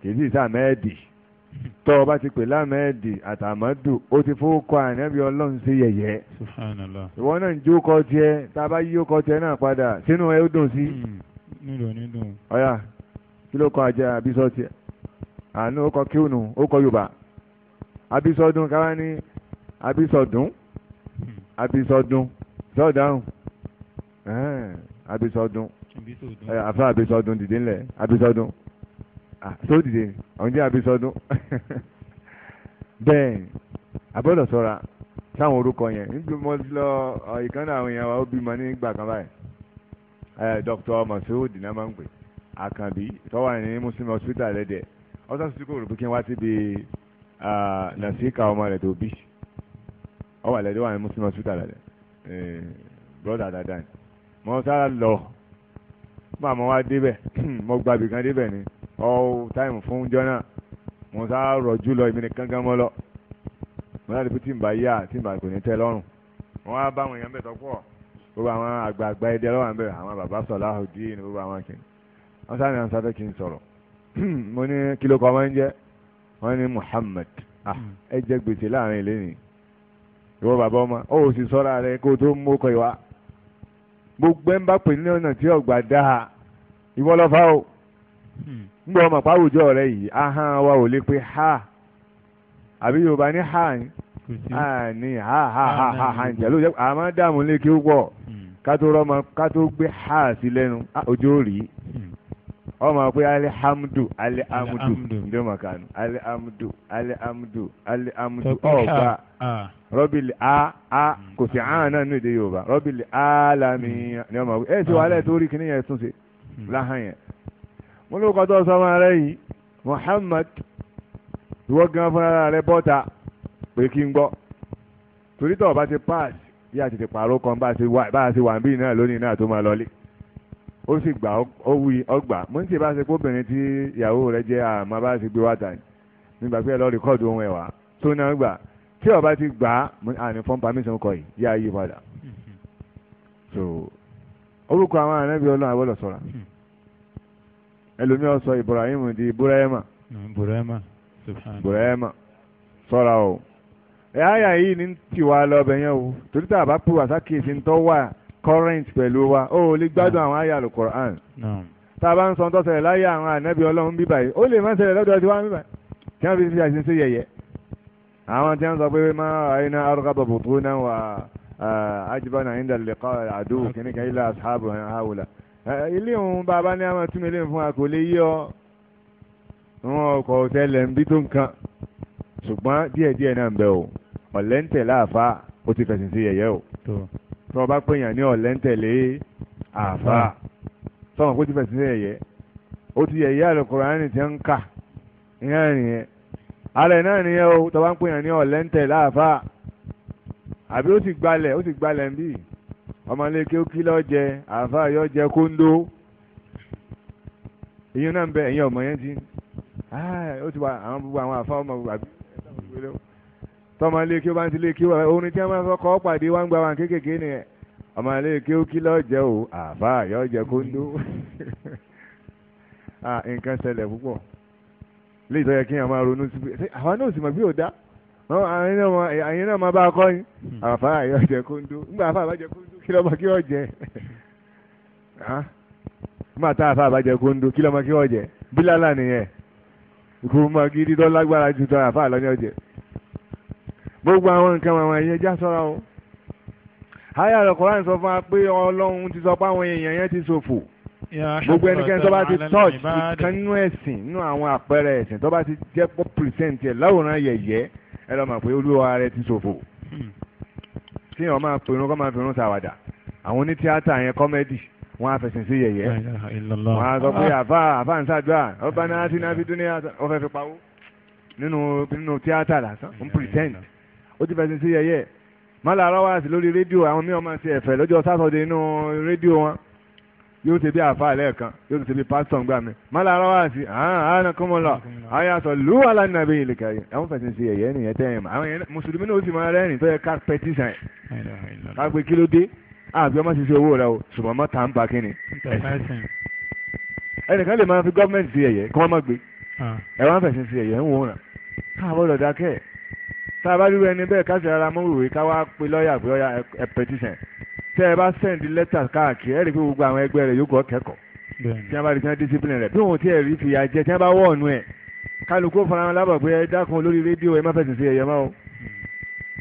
kìí sì ṣe amẹ́ẹ̀dì hmm. tọ́ ti pè lámẹ́ẹ̀dì àtàmádù ó ti fowókọ ànábì ọlọ́run sí yẹ̀yẹ́ ìwọ náà ń jó tá a bá yí náà padà sínú ẹ ó dùn sí. Hmm. nílò nílò. ọ̀yà kí ló kọ ajá abisọ àánú ó kọ ó kọ yorùbá abisọdún káwá ní abisọdún abisọdún sọdáhùn abisọdún àfa abisọdún dìde ńlẹ̀ abisọdún tó dìde ọ̀hún jẹ́ abisọdún bẹ́ẹ̀ abọ́dọ̀ sọ́ra sáwọn orúkọ yẹn níbi mo lọ ìkànnì àwọn èèyàn wa ó bímọ ní ìgbà kan báyìí ẹ dr masoud náà máa ń pè àkànbí tó wà ní muslim hospital lẹ́dẹ̀ẹ́ ọ́sán sùkúrò rò pé kí n wá síbi nàṣíkà ọmọ rẹ̀ tó bí ọ wà lẹ́dọ̀ wà ní muslim hospital lẹ́dẹ̀ eh, broda dada ni mo sára lọ bá mo wá débẹ̀ mo gba kan débẹ̀ ni all time fún jọ́nà mo sára rọ̀jú lọ ibi nìkan gan mọ́ lọ mo láti fi tí n bá yá tí n bá kò ní tẹ́ lọ́rùn mo wá bá àwọn èèyàn bẹ̀ tọ́pọ̀ gbogbo àwọn àgbààgbà ẹ̀dẹ̀ lọ́wọ́ àbẹ̀ àwọn bàbá sọ̀lá òdì ní gbogbo àwọn kìnnì wọ́n sáré àwọn sáfẹ́ kí n sọ̀rọ̀ mo ní kí ló kọ́ máa ń jẹ́ wọ́n ní Muhammad ah, ẹ jẹ́ gbèsè láàrin ìlẹ́yìn ìwọ bàbá ọmọ ó sì sọ́ra rẹ kó tó mú ọkọ̀ ìwà gbogbo ẹ̀ ń bá pè ní ọ̀nà tí ọ̀gbà dáa ìwọ lọ́fà o hmm. ń ọmọ pàwùjọ rẹ yìí ahọ́n wa ò lè pe ha àbí yorùbá ní ha ni ha ha ha ha ha ha hmm. ǹjẹ́ ló jẹ́ àmọ́ dààmú lé kí ó pọ̀ hmm. ká tó rọ́mọ ká tó gbé ha sí lẹ́nu ojú ò rí ọmọ pé alihamdu alihamdu ǹjẹ́ màkànú alihamdu alihamdu alihamdu ọ̀gbà rọ́bìlì a a kò sí àán náà nínú èdè yorùbá rọ́bìlì alami ni ọmọ ẹ ti wà lẹ́ẹ̀ tó rí kíní yẹn tún ṣe láhàn yẹn. mo ló kọ́ tó sọ ọmọ rẹ yìí Muhammad ìwọ gan fúnra rẹ bọ́ta pé kí n gbọ́ torí tọ̀ bá ti pass yíyá ti ti pààrọ̀ kan bá a ti wà bí náà lónìí náà tó máa lọlé ó sì gbà ó wí ọgbà mo ń ṣe bá ṣe pé obìnrin tí ìyàwó rẹ jẹ́ àmọ́ bá ṣe gbé wá tà ní gbàgbé ẹ lọ rìkọ́ọ̀dù ohun ẹ̀wà tó náà gbà tí ọba ti gbà á àní fún permission kọ yìí yá yí padà so orúkọ àwọn ànábì ọlọ́run àwọlọ̀ sọ̀ra hmm. ẹlòmíọ́ sọ Ibrahim di Burayma Burayma sọ̀ra o ẹ àyà yìí ní tiwa lọ́bẹ̀ yẹn o torí tá a bá pè wá sákèsí ń tọ́ wà current pẹ̀lú wa ó lè gbádùn hmm. àwọn àyà alukoran hmm. tá a bá ń sọ tó ṣẹlẹ̀ láyé àwọn ànábì ọlọ́run bíbáyìí ó lè má ṣẹlẹ̀ lọ́dọ̀ tí wọ́n bíbáyìí kí wọ́n fi fi àṣìṣe yẹ̀yẹ́ àwọn tí wọ́n sọ pé máa àyínà arúgbó bùtú náà wà ájúbá náà ìdá lẹ́kọ́ àdúgbò kìnnìkan ilé asáàbù hàwùlà ilé òun bàbá ní àwọn túnmí lè fún wa kò lè yí ọ wọn ọkọ̀ òtẹ́lẹ̀ ń bí tó nǹkan ṣùgbọ́n díẹ̀díẹ̀ náà ń bẹ o ọ̀lẹ́ǹtẹ̀ láàfá ó ti fẹ̀sìn sí yẹ̀yẹ́ o tó o bá pèèyàn ní ọ̀lẹ́ǹtẹ̀lé àfá sọ̀rọ̀ kó ti fẹ̀sìn sí yẹ̀yẹ́ ó ti yẹ̀yẹ́ àlùkùránì tí ń kà ìyá nìyẹn alẹ́ náà nìyẹn o tọ́ba ń pè yàn ní ọ̀lẹ́ńtẹ̀ láàfà àbí ó sì gbalẹ̀ ó sì gbalẹ̀ ń bì ọmọlé kí ó kí lọ́ọ́ jẹ àfà yọ jẹ kóńdó ìyẹn náà ń bẹ ẹ̀yin ọmọ yẹn ti ó ti wà àwọn gbogbo àwọn àfà ọmọ àbí tọmọlé ó bá ń tilé kí orin tí wọn máa fọkọ pàdé wọn gba wọn kéékèèké nìyẹn ọmọlé kí ó kí lọ́ọ́ o àfà yọ jẹ kóńdó nǹkan ṣẹlẹ̀ púpọ̀ lè tọ́ yẹ kí àwọn ronú sí pé àwa náà sì mọ̀ bí ò dá àyìn náà máa bá a kọ́ yín hmm. àfa àyọ̀ jẹ kóńdó ńgbà àfa àbájẹ kóńdó kí lọ́mọ kí ọ̀ jẹ ńgbà tá àfa àbájẹ kóńdó kí lọ́mọ kí ọ̀ jẹ bílálà nìyẹn ìkùrù mọ́ gidi tó lágbára ju tọ́ àfa àlọ́ní ọ̀jẹ̀ gbogbo àwọn nǹkan àwọn ẹ̀yẹ já sọ́ra o àyà rẹ̀ Kùránì sọ fún wa pé Ọlọ́run ti sọ pé àwọn èèyàn yẹn ti ṣòfò gbogbo ẹnikẹ́ni tó bá ti touch ìkan nínú ẹ̀sìn nínú àwọn àpẹẹrẹ ẹ̀sìn tó bá ti jẹ́ pọ́ present ẹ̀ láwòrán yẹ̀yẹ́ ẹ lọ́ mọ̀ pé olúwa rẹ ti ṣòfò tí èèyàn máa pinnu kọ́ máa pinnu ṣàwàdà àwọn onítìátà yẹn kọ́mẹ́dì wọn á fẹsẹ̀ sí yẹ̀yẹ́ wọn á sọ pé àfa ah. àfa ń ṣàdúrà ọba náà ti náà fi dúnìyà ọfẹ́ fi pawó nínú nínú tíátà lásán ń present ó ti fẹsẹ̀ sí yẹ̀yẹ́ má làárọ̀ wá sí lórí rédíò àwọn mí yóò ṣe bí àfa lẹ́ẹ̀kan yóò ṣe bí pásítọ̀ ńgbà mi mọ́lá ara wá sí àánà kọ́mọ lọ àyà sọ lù wà lánàá bí ilé kẹrin àwọn fẹsẹ̀ ṣe ẹ̀yẹ́ nìyẹn tẹ́ ẹ̀ mọ́ àwọn yẹn mùsùlùmí náà ó sì máa rẹ́rìn tó yẹ ká pẹtísàn ẹ̀ ká pé kí ló dé àbí ọmọ ṣiṣẹ́ owó rẹ o ṣùgbọ́n mọ́ tà ń bá kí ni. ẹnìkan lè máa fi gọ́ọ̀mẹ̀ntì ṣe ẹ̀yẹ́ kọ́ mọ́ gbé ah. ẹ̀ wọ́n fẹ̀sẹ̀ ṣe ẹ̀yẹ́ ń wò ràn káàbọ̀ tẹ́ ẹ bá sẹ́ndì lẹ́tà káàkiri ẹ rí i pé gbogbo àwọn ẹgbẹ́ rẹ̀ yóò gbọ́ kẹ́kọ̀ọ́ tí wọ́n bá di tí discipline rẹ̀ bí òun tí ẹ rí fìyà jẹ tí wọ́n bá wọ̀ọ̀nù ẹ̀ kálukú fara wọn lábọ̀ pé ẹ dákun lórí rédíò ẹ má fẹ̀sìn sí ẹ̀yẹ máa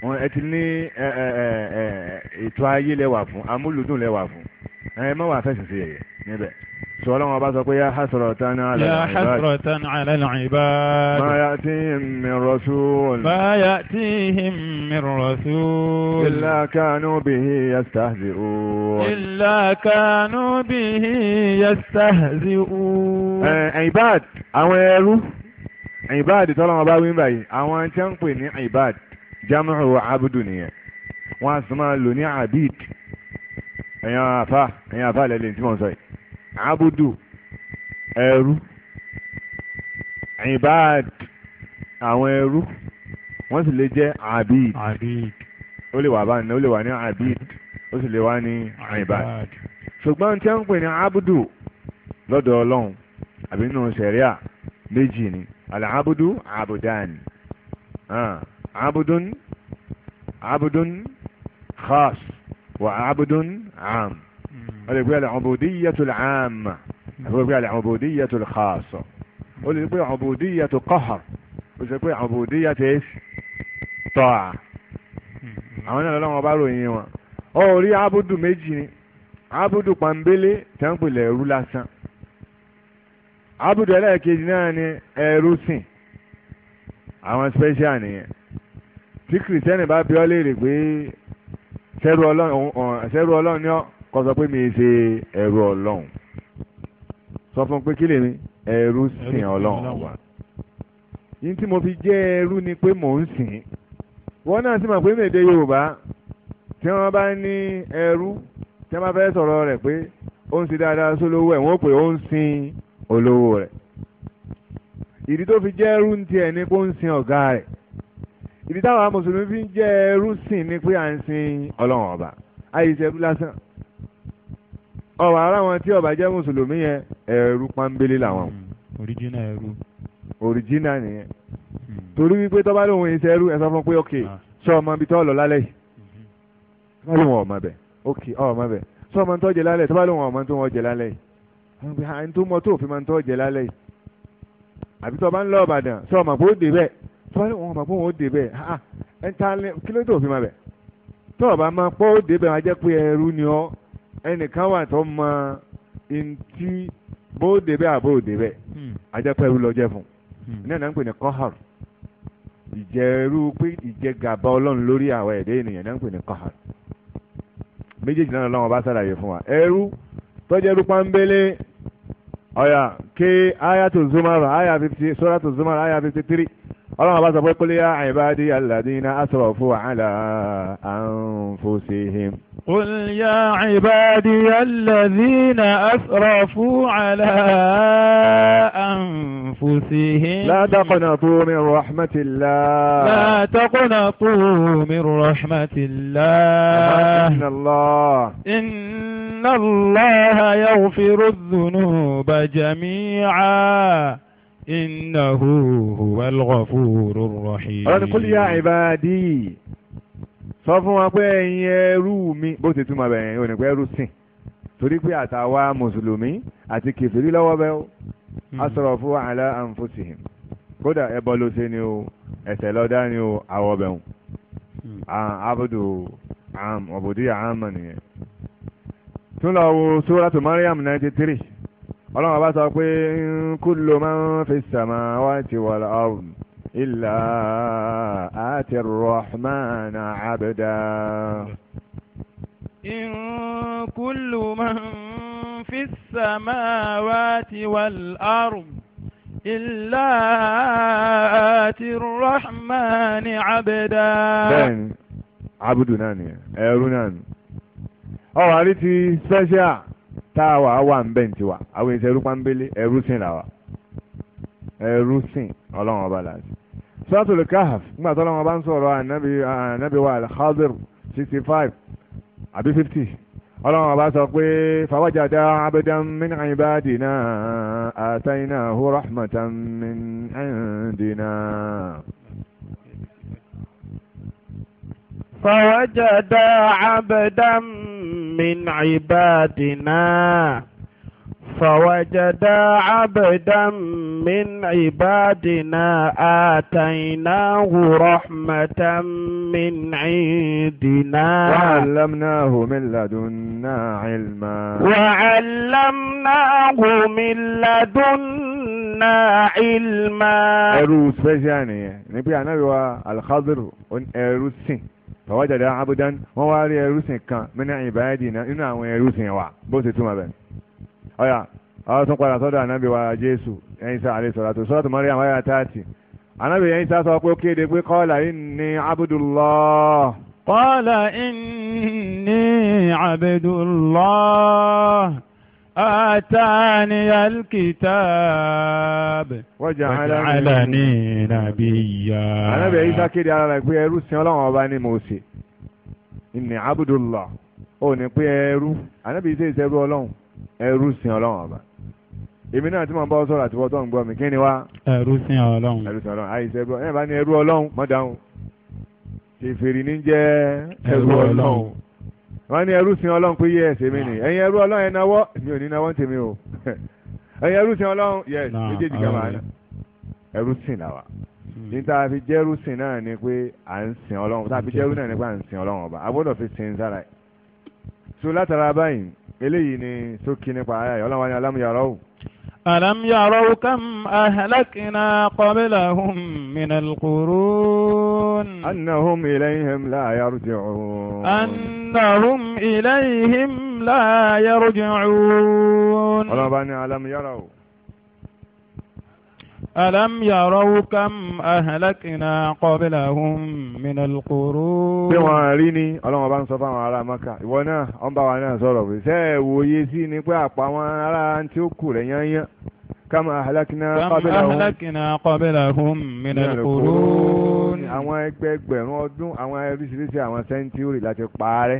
o ẹ ti ní ètò ayé lẹ́wà fún amúlùdùn lẹ́wà fún ẹ má wà fẹ̀sìn sí ẹ̀yẹ níbẹ̀ àyàtì ọlọ́run ọba sọ pé yá hasratan ala al-ibad. yá hasratan ala al-ibad. ma ya'tihim min rasul. ma ya'tihim min rasul. illa kanu bihi yastahzi'un. illa kanu bihi yastahzi'un. ibad àwọn ẹrú ibad tọ́lọ́run ọba wí báyìí àwọn tí wọ́n ń pè ní ibad jamuhu abudu nìyẹn wọ́n á sì máa lò ní abid ẹ̀yin àfa ẹ̀yin àfa lẹ́lẹ́yìn tí wọ́n sọ yìí abudu ẹrú ibad àwọn ẹrú wọ́n sì lè jẹ́ abid ó lè wà bá ní ó lè wà ní abid ó sì lè wà ní ibad ṣùgbọ́n tí wọ́n ń pè ní abudu lọ́dọ̀ ọlọ́run àbí nínú sẹ̀ríà méjì ni alabudu abudan abudun abudun khas wa abudun am ó lè pé al-ubudiyyatul 'amma àbí ó lè pé al-ubudiyyatul khassa ó lè pé ubudiyyatul qahr ó lè pé ubudiyyatul ta'a àwọn náà lọ́wọ́ bá ròyìn wọn ó rí abudu méjì ni abudu pàmbélé tẹ́ǹpìlẹ̀ ẹrú lásán abudu ẹlẹ́ẹ̀kejì náà ni ẹrú sìn àwọn special nìyẹn tí kìrìsìtẹ́nì bá bi ọ́ léèrè pé sẹ́rù ọlọ́run ni ọ́ kó sọ pé mi ṣe ẹrú ọlọ́run sọ fún pé kí lè ní ẹrú sìn ọlọ́run ọba yìí tí mo fi jẹ́ ẹrú ni pé mò ń sìn wọn náà sì mọ̀ pé mèdè yorùbá tí wọ́n bá ní ẹrú tí wọ́n bá fẹ́ sọ̀rọ̀ rẹ̀ pé ó ń ṣe dáadáa sólówó ẹ̀ wọ́n pè ó ń sin olówó rẹ̀ ìdí tó fi jẹ́ ẹrú ń tiẹ̀ ni pé ó ń sin ọ̀gá rẹ̀ ìdí táwọn mùsùlùmí fi ń jẹ́ ẹrú sìn ni pé à ń sin ọlọ́run ọba àyè ìṣẹ́rú lásán ọ̀wọ̀ ara wọn tí ọba jẹ́ mùsùlùmí yẹn ẹ̀rú pọ́nbélé làwọn. Hmm. original ẹ̀rú. original nìyẹn. Hmm. torí wípé tọ́ba lóun yìí sẹ́rú ẹ sọ fún pé ok sọ ah. ọmọ ibi tọ́ lọ lálẹ́ yìí tọ́ba hmm. lóun ọmọ bẹ̀ ok ọmọ bẹ̀ sọ ọmọ tó jẹ lálẹ́ tọ́ba lóun ọmọ tó wọ́n jẹ lálẹ́ yìí àwọn ah, tó mọ tó òfin máa tó jẹ lálẹ́ yìí àbí tọ́ba ń lọ Ìbàdàn sọ ọmọ pé ó dé bẹ́ẹ̀ tọ́ba ló tó òfin máa bẹ̀ ó dé bẹ́ẹ̀ ah, ẹnìkan wà tó mọ ntí bó débẹ̀ àbó débẹ̀ hmm. ajẹ́pẹ́ ẹrú lọ́jẹ́ fún un hmm. náà ń pè ní kọ́hàr ìjẹ́rú pé ìjẹgàba ọlọ́run lórí àwọn ẹ̀dẹ́ ènìyàn náà ń pè ní kọ́hàr méjèèjì náà lọ́wọ́ bá ṣàlàyé fún wa ẹrú tọ́jẹ́rú pọ́nbélé ọ̀yà ké ayatu zumar aya fifty aya fifty three bá ya قل يا عبادي الذين أسرفوا على أنفسهم لا تقنطوا من رحمة الله لا تقنطوا من رحمة الله إن الله إن الله يغفر الذنوب جميعا إنه هو الغفور الرحيم قل يا عبادي sọ fún wa pé ẹ̀yin ẹrú mi bó ti túmọ̀ bẹ̀rẹ̀ ò ní pẹ́ ẹrú sìn torí pé àtàwa mùsùlùmí àti kèfèrí lọ́wọ́ bẹ́ẹ̀ o hmm. asrafu ala anfusihim kódà ẹbọ ló ṣe ni o ẹ̀ṣẹ̀ lọ́dá ni o àwọ̀ bẹ̀rù hmm. abudu ọ̀bùdí àmà nìyẹn tún lọ wo suratu Maryam ninety three ọlọ́run bá sọ pé kullu man fis samawati wal ardh. إلا آتي الرحمن عبدا إن كل من في السماوات والأرض إلا آتي الرحمن عبدا بين عبد ناني ẹrú nani ọ̀rọ̀ àrí ti special tá a wà á wà ń bẹ̀ ń tiwa àwọn ìṣẹ́rú pàmbélé ẹrú sìn làwà ẹrú sìn ọlọ́run ọba làásì suratul kahf nígbà tó lọ́wọ́ bá ń sọ̀rọ̀ ànábì wa al-Khadir sixty five àbí fifty ọlọ́run ọba sọ pé fawajada abadan min ibadina atainahu rahmatan min indina. fawajada abadan min ibadina. فوجدا عبدا من عبادنا آتيناه رحمة من عندنا وعلمناه من لدنا علما وعلمناه من لدنا علما أروس فجاني نبي أنا الخضر أن أروسي عبدا وواري أروسي من عبادنا إنا أروسي وا بوسي ọ̀yà àwọn tún padà sọ́dọ̀ ànábì wa jésù ẹ̀yìnsá àlẹ́sọ̀rọ̀ sọ́dọ̀ mariam ayà tààtì sọ pé ó kéde pé kọ́ọ̀là inni abudullah. kọ́ọ̀là inni abudullah آتاني الكتاب وجعلني نبيا ni mo sì inni abudullah ó ní pé ẹrú sin ọlọ́run ọba èmi náà tí mo bá ọ sọ̀rọ̀ àtiwọ́ tó ń gbọ́ mi kí ni wá. ẹrú sin ọlọ́run. ẹrú sin ọlọ́run àyè sẹ́gbọ́ ẹ̀ bá ní ẹrú ọlọ́run mọ́ dáhùn tèfèrè ní jẹ́ ẹrú ọlọ́run wọ́n ní ẹrú sin ọlọ́run pé yẹ́ẹ̀sì èmi nì ẹ̀yin ẹrú ọlọ́run ẹ̀ náwọ́ mi ò ní náwọ́ tèmi o ẹ̀yin ẹrú sin ọlọ́run yẹ́ẹ̀sì méjèèjì kàmá ẹrú sin làwà hmm. ní tá a fi jẹ́rú sin náà ni pé à ń sin ọlọ́run tá a fi jẹ́rú náà ni pé à ń sin ọlọ́run ọba a fi sin sára ẹ̀ so látara báyìí eléyìí ni sókè nípa ayé ọlọ́run wa ni alámúyàrá o. ألم يروا كم أهلكنا قبلهم من القرون أنهم إليهم لا يرجعون أنهم إليهم لا يرجعون ألم يروا ألم يروا كم أهلكنا قبلهم من القرون. bí wọ́n rí ni ọlọ́run bá ń sọ fáwọn ará maka ìwọ náà ọ̀n bá wa náà sọ̀rọ̀ pé ṣé ẹ wòye sí ni pé àpò àwọn ará tí ó kù rẹ̀ yányán كم أهلكنا قبلهم كم أهلكنا قبلهم من القرون. àwọn ẹgbẹgbẹ̀rún ọdún àwọn oríṣiríṣi àwọn sẹ́ńtúrì láti parẹ́.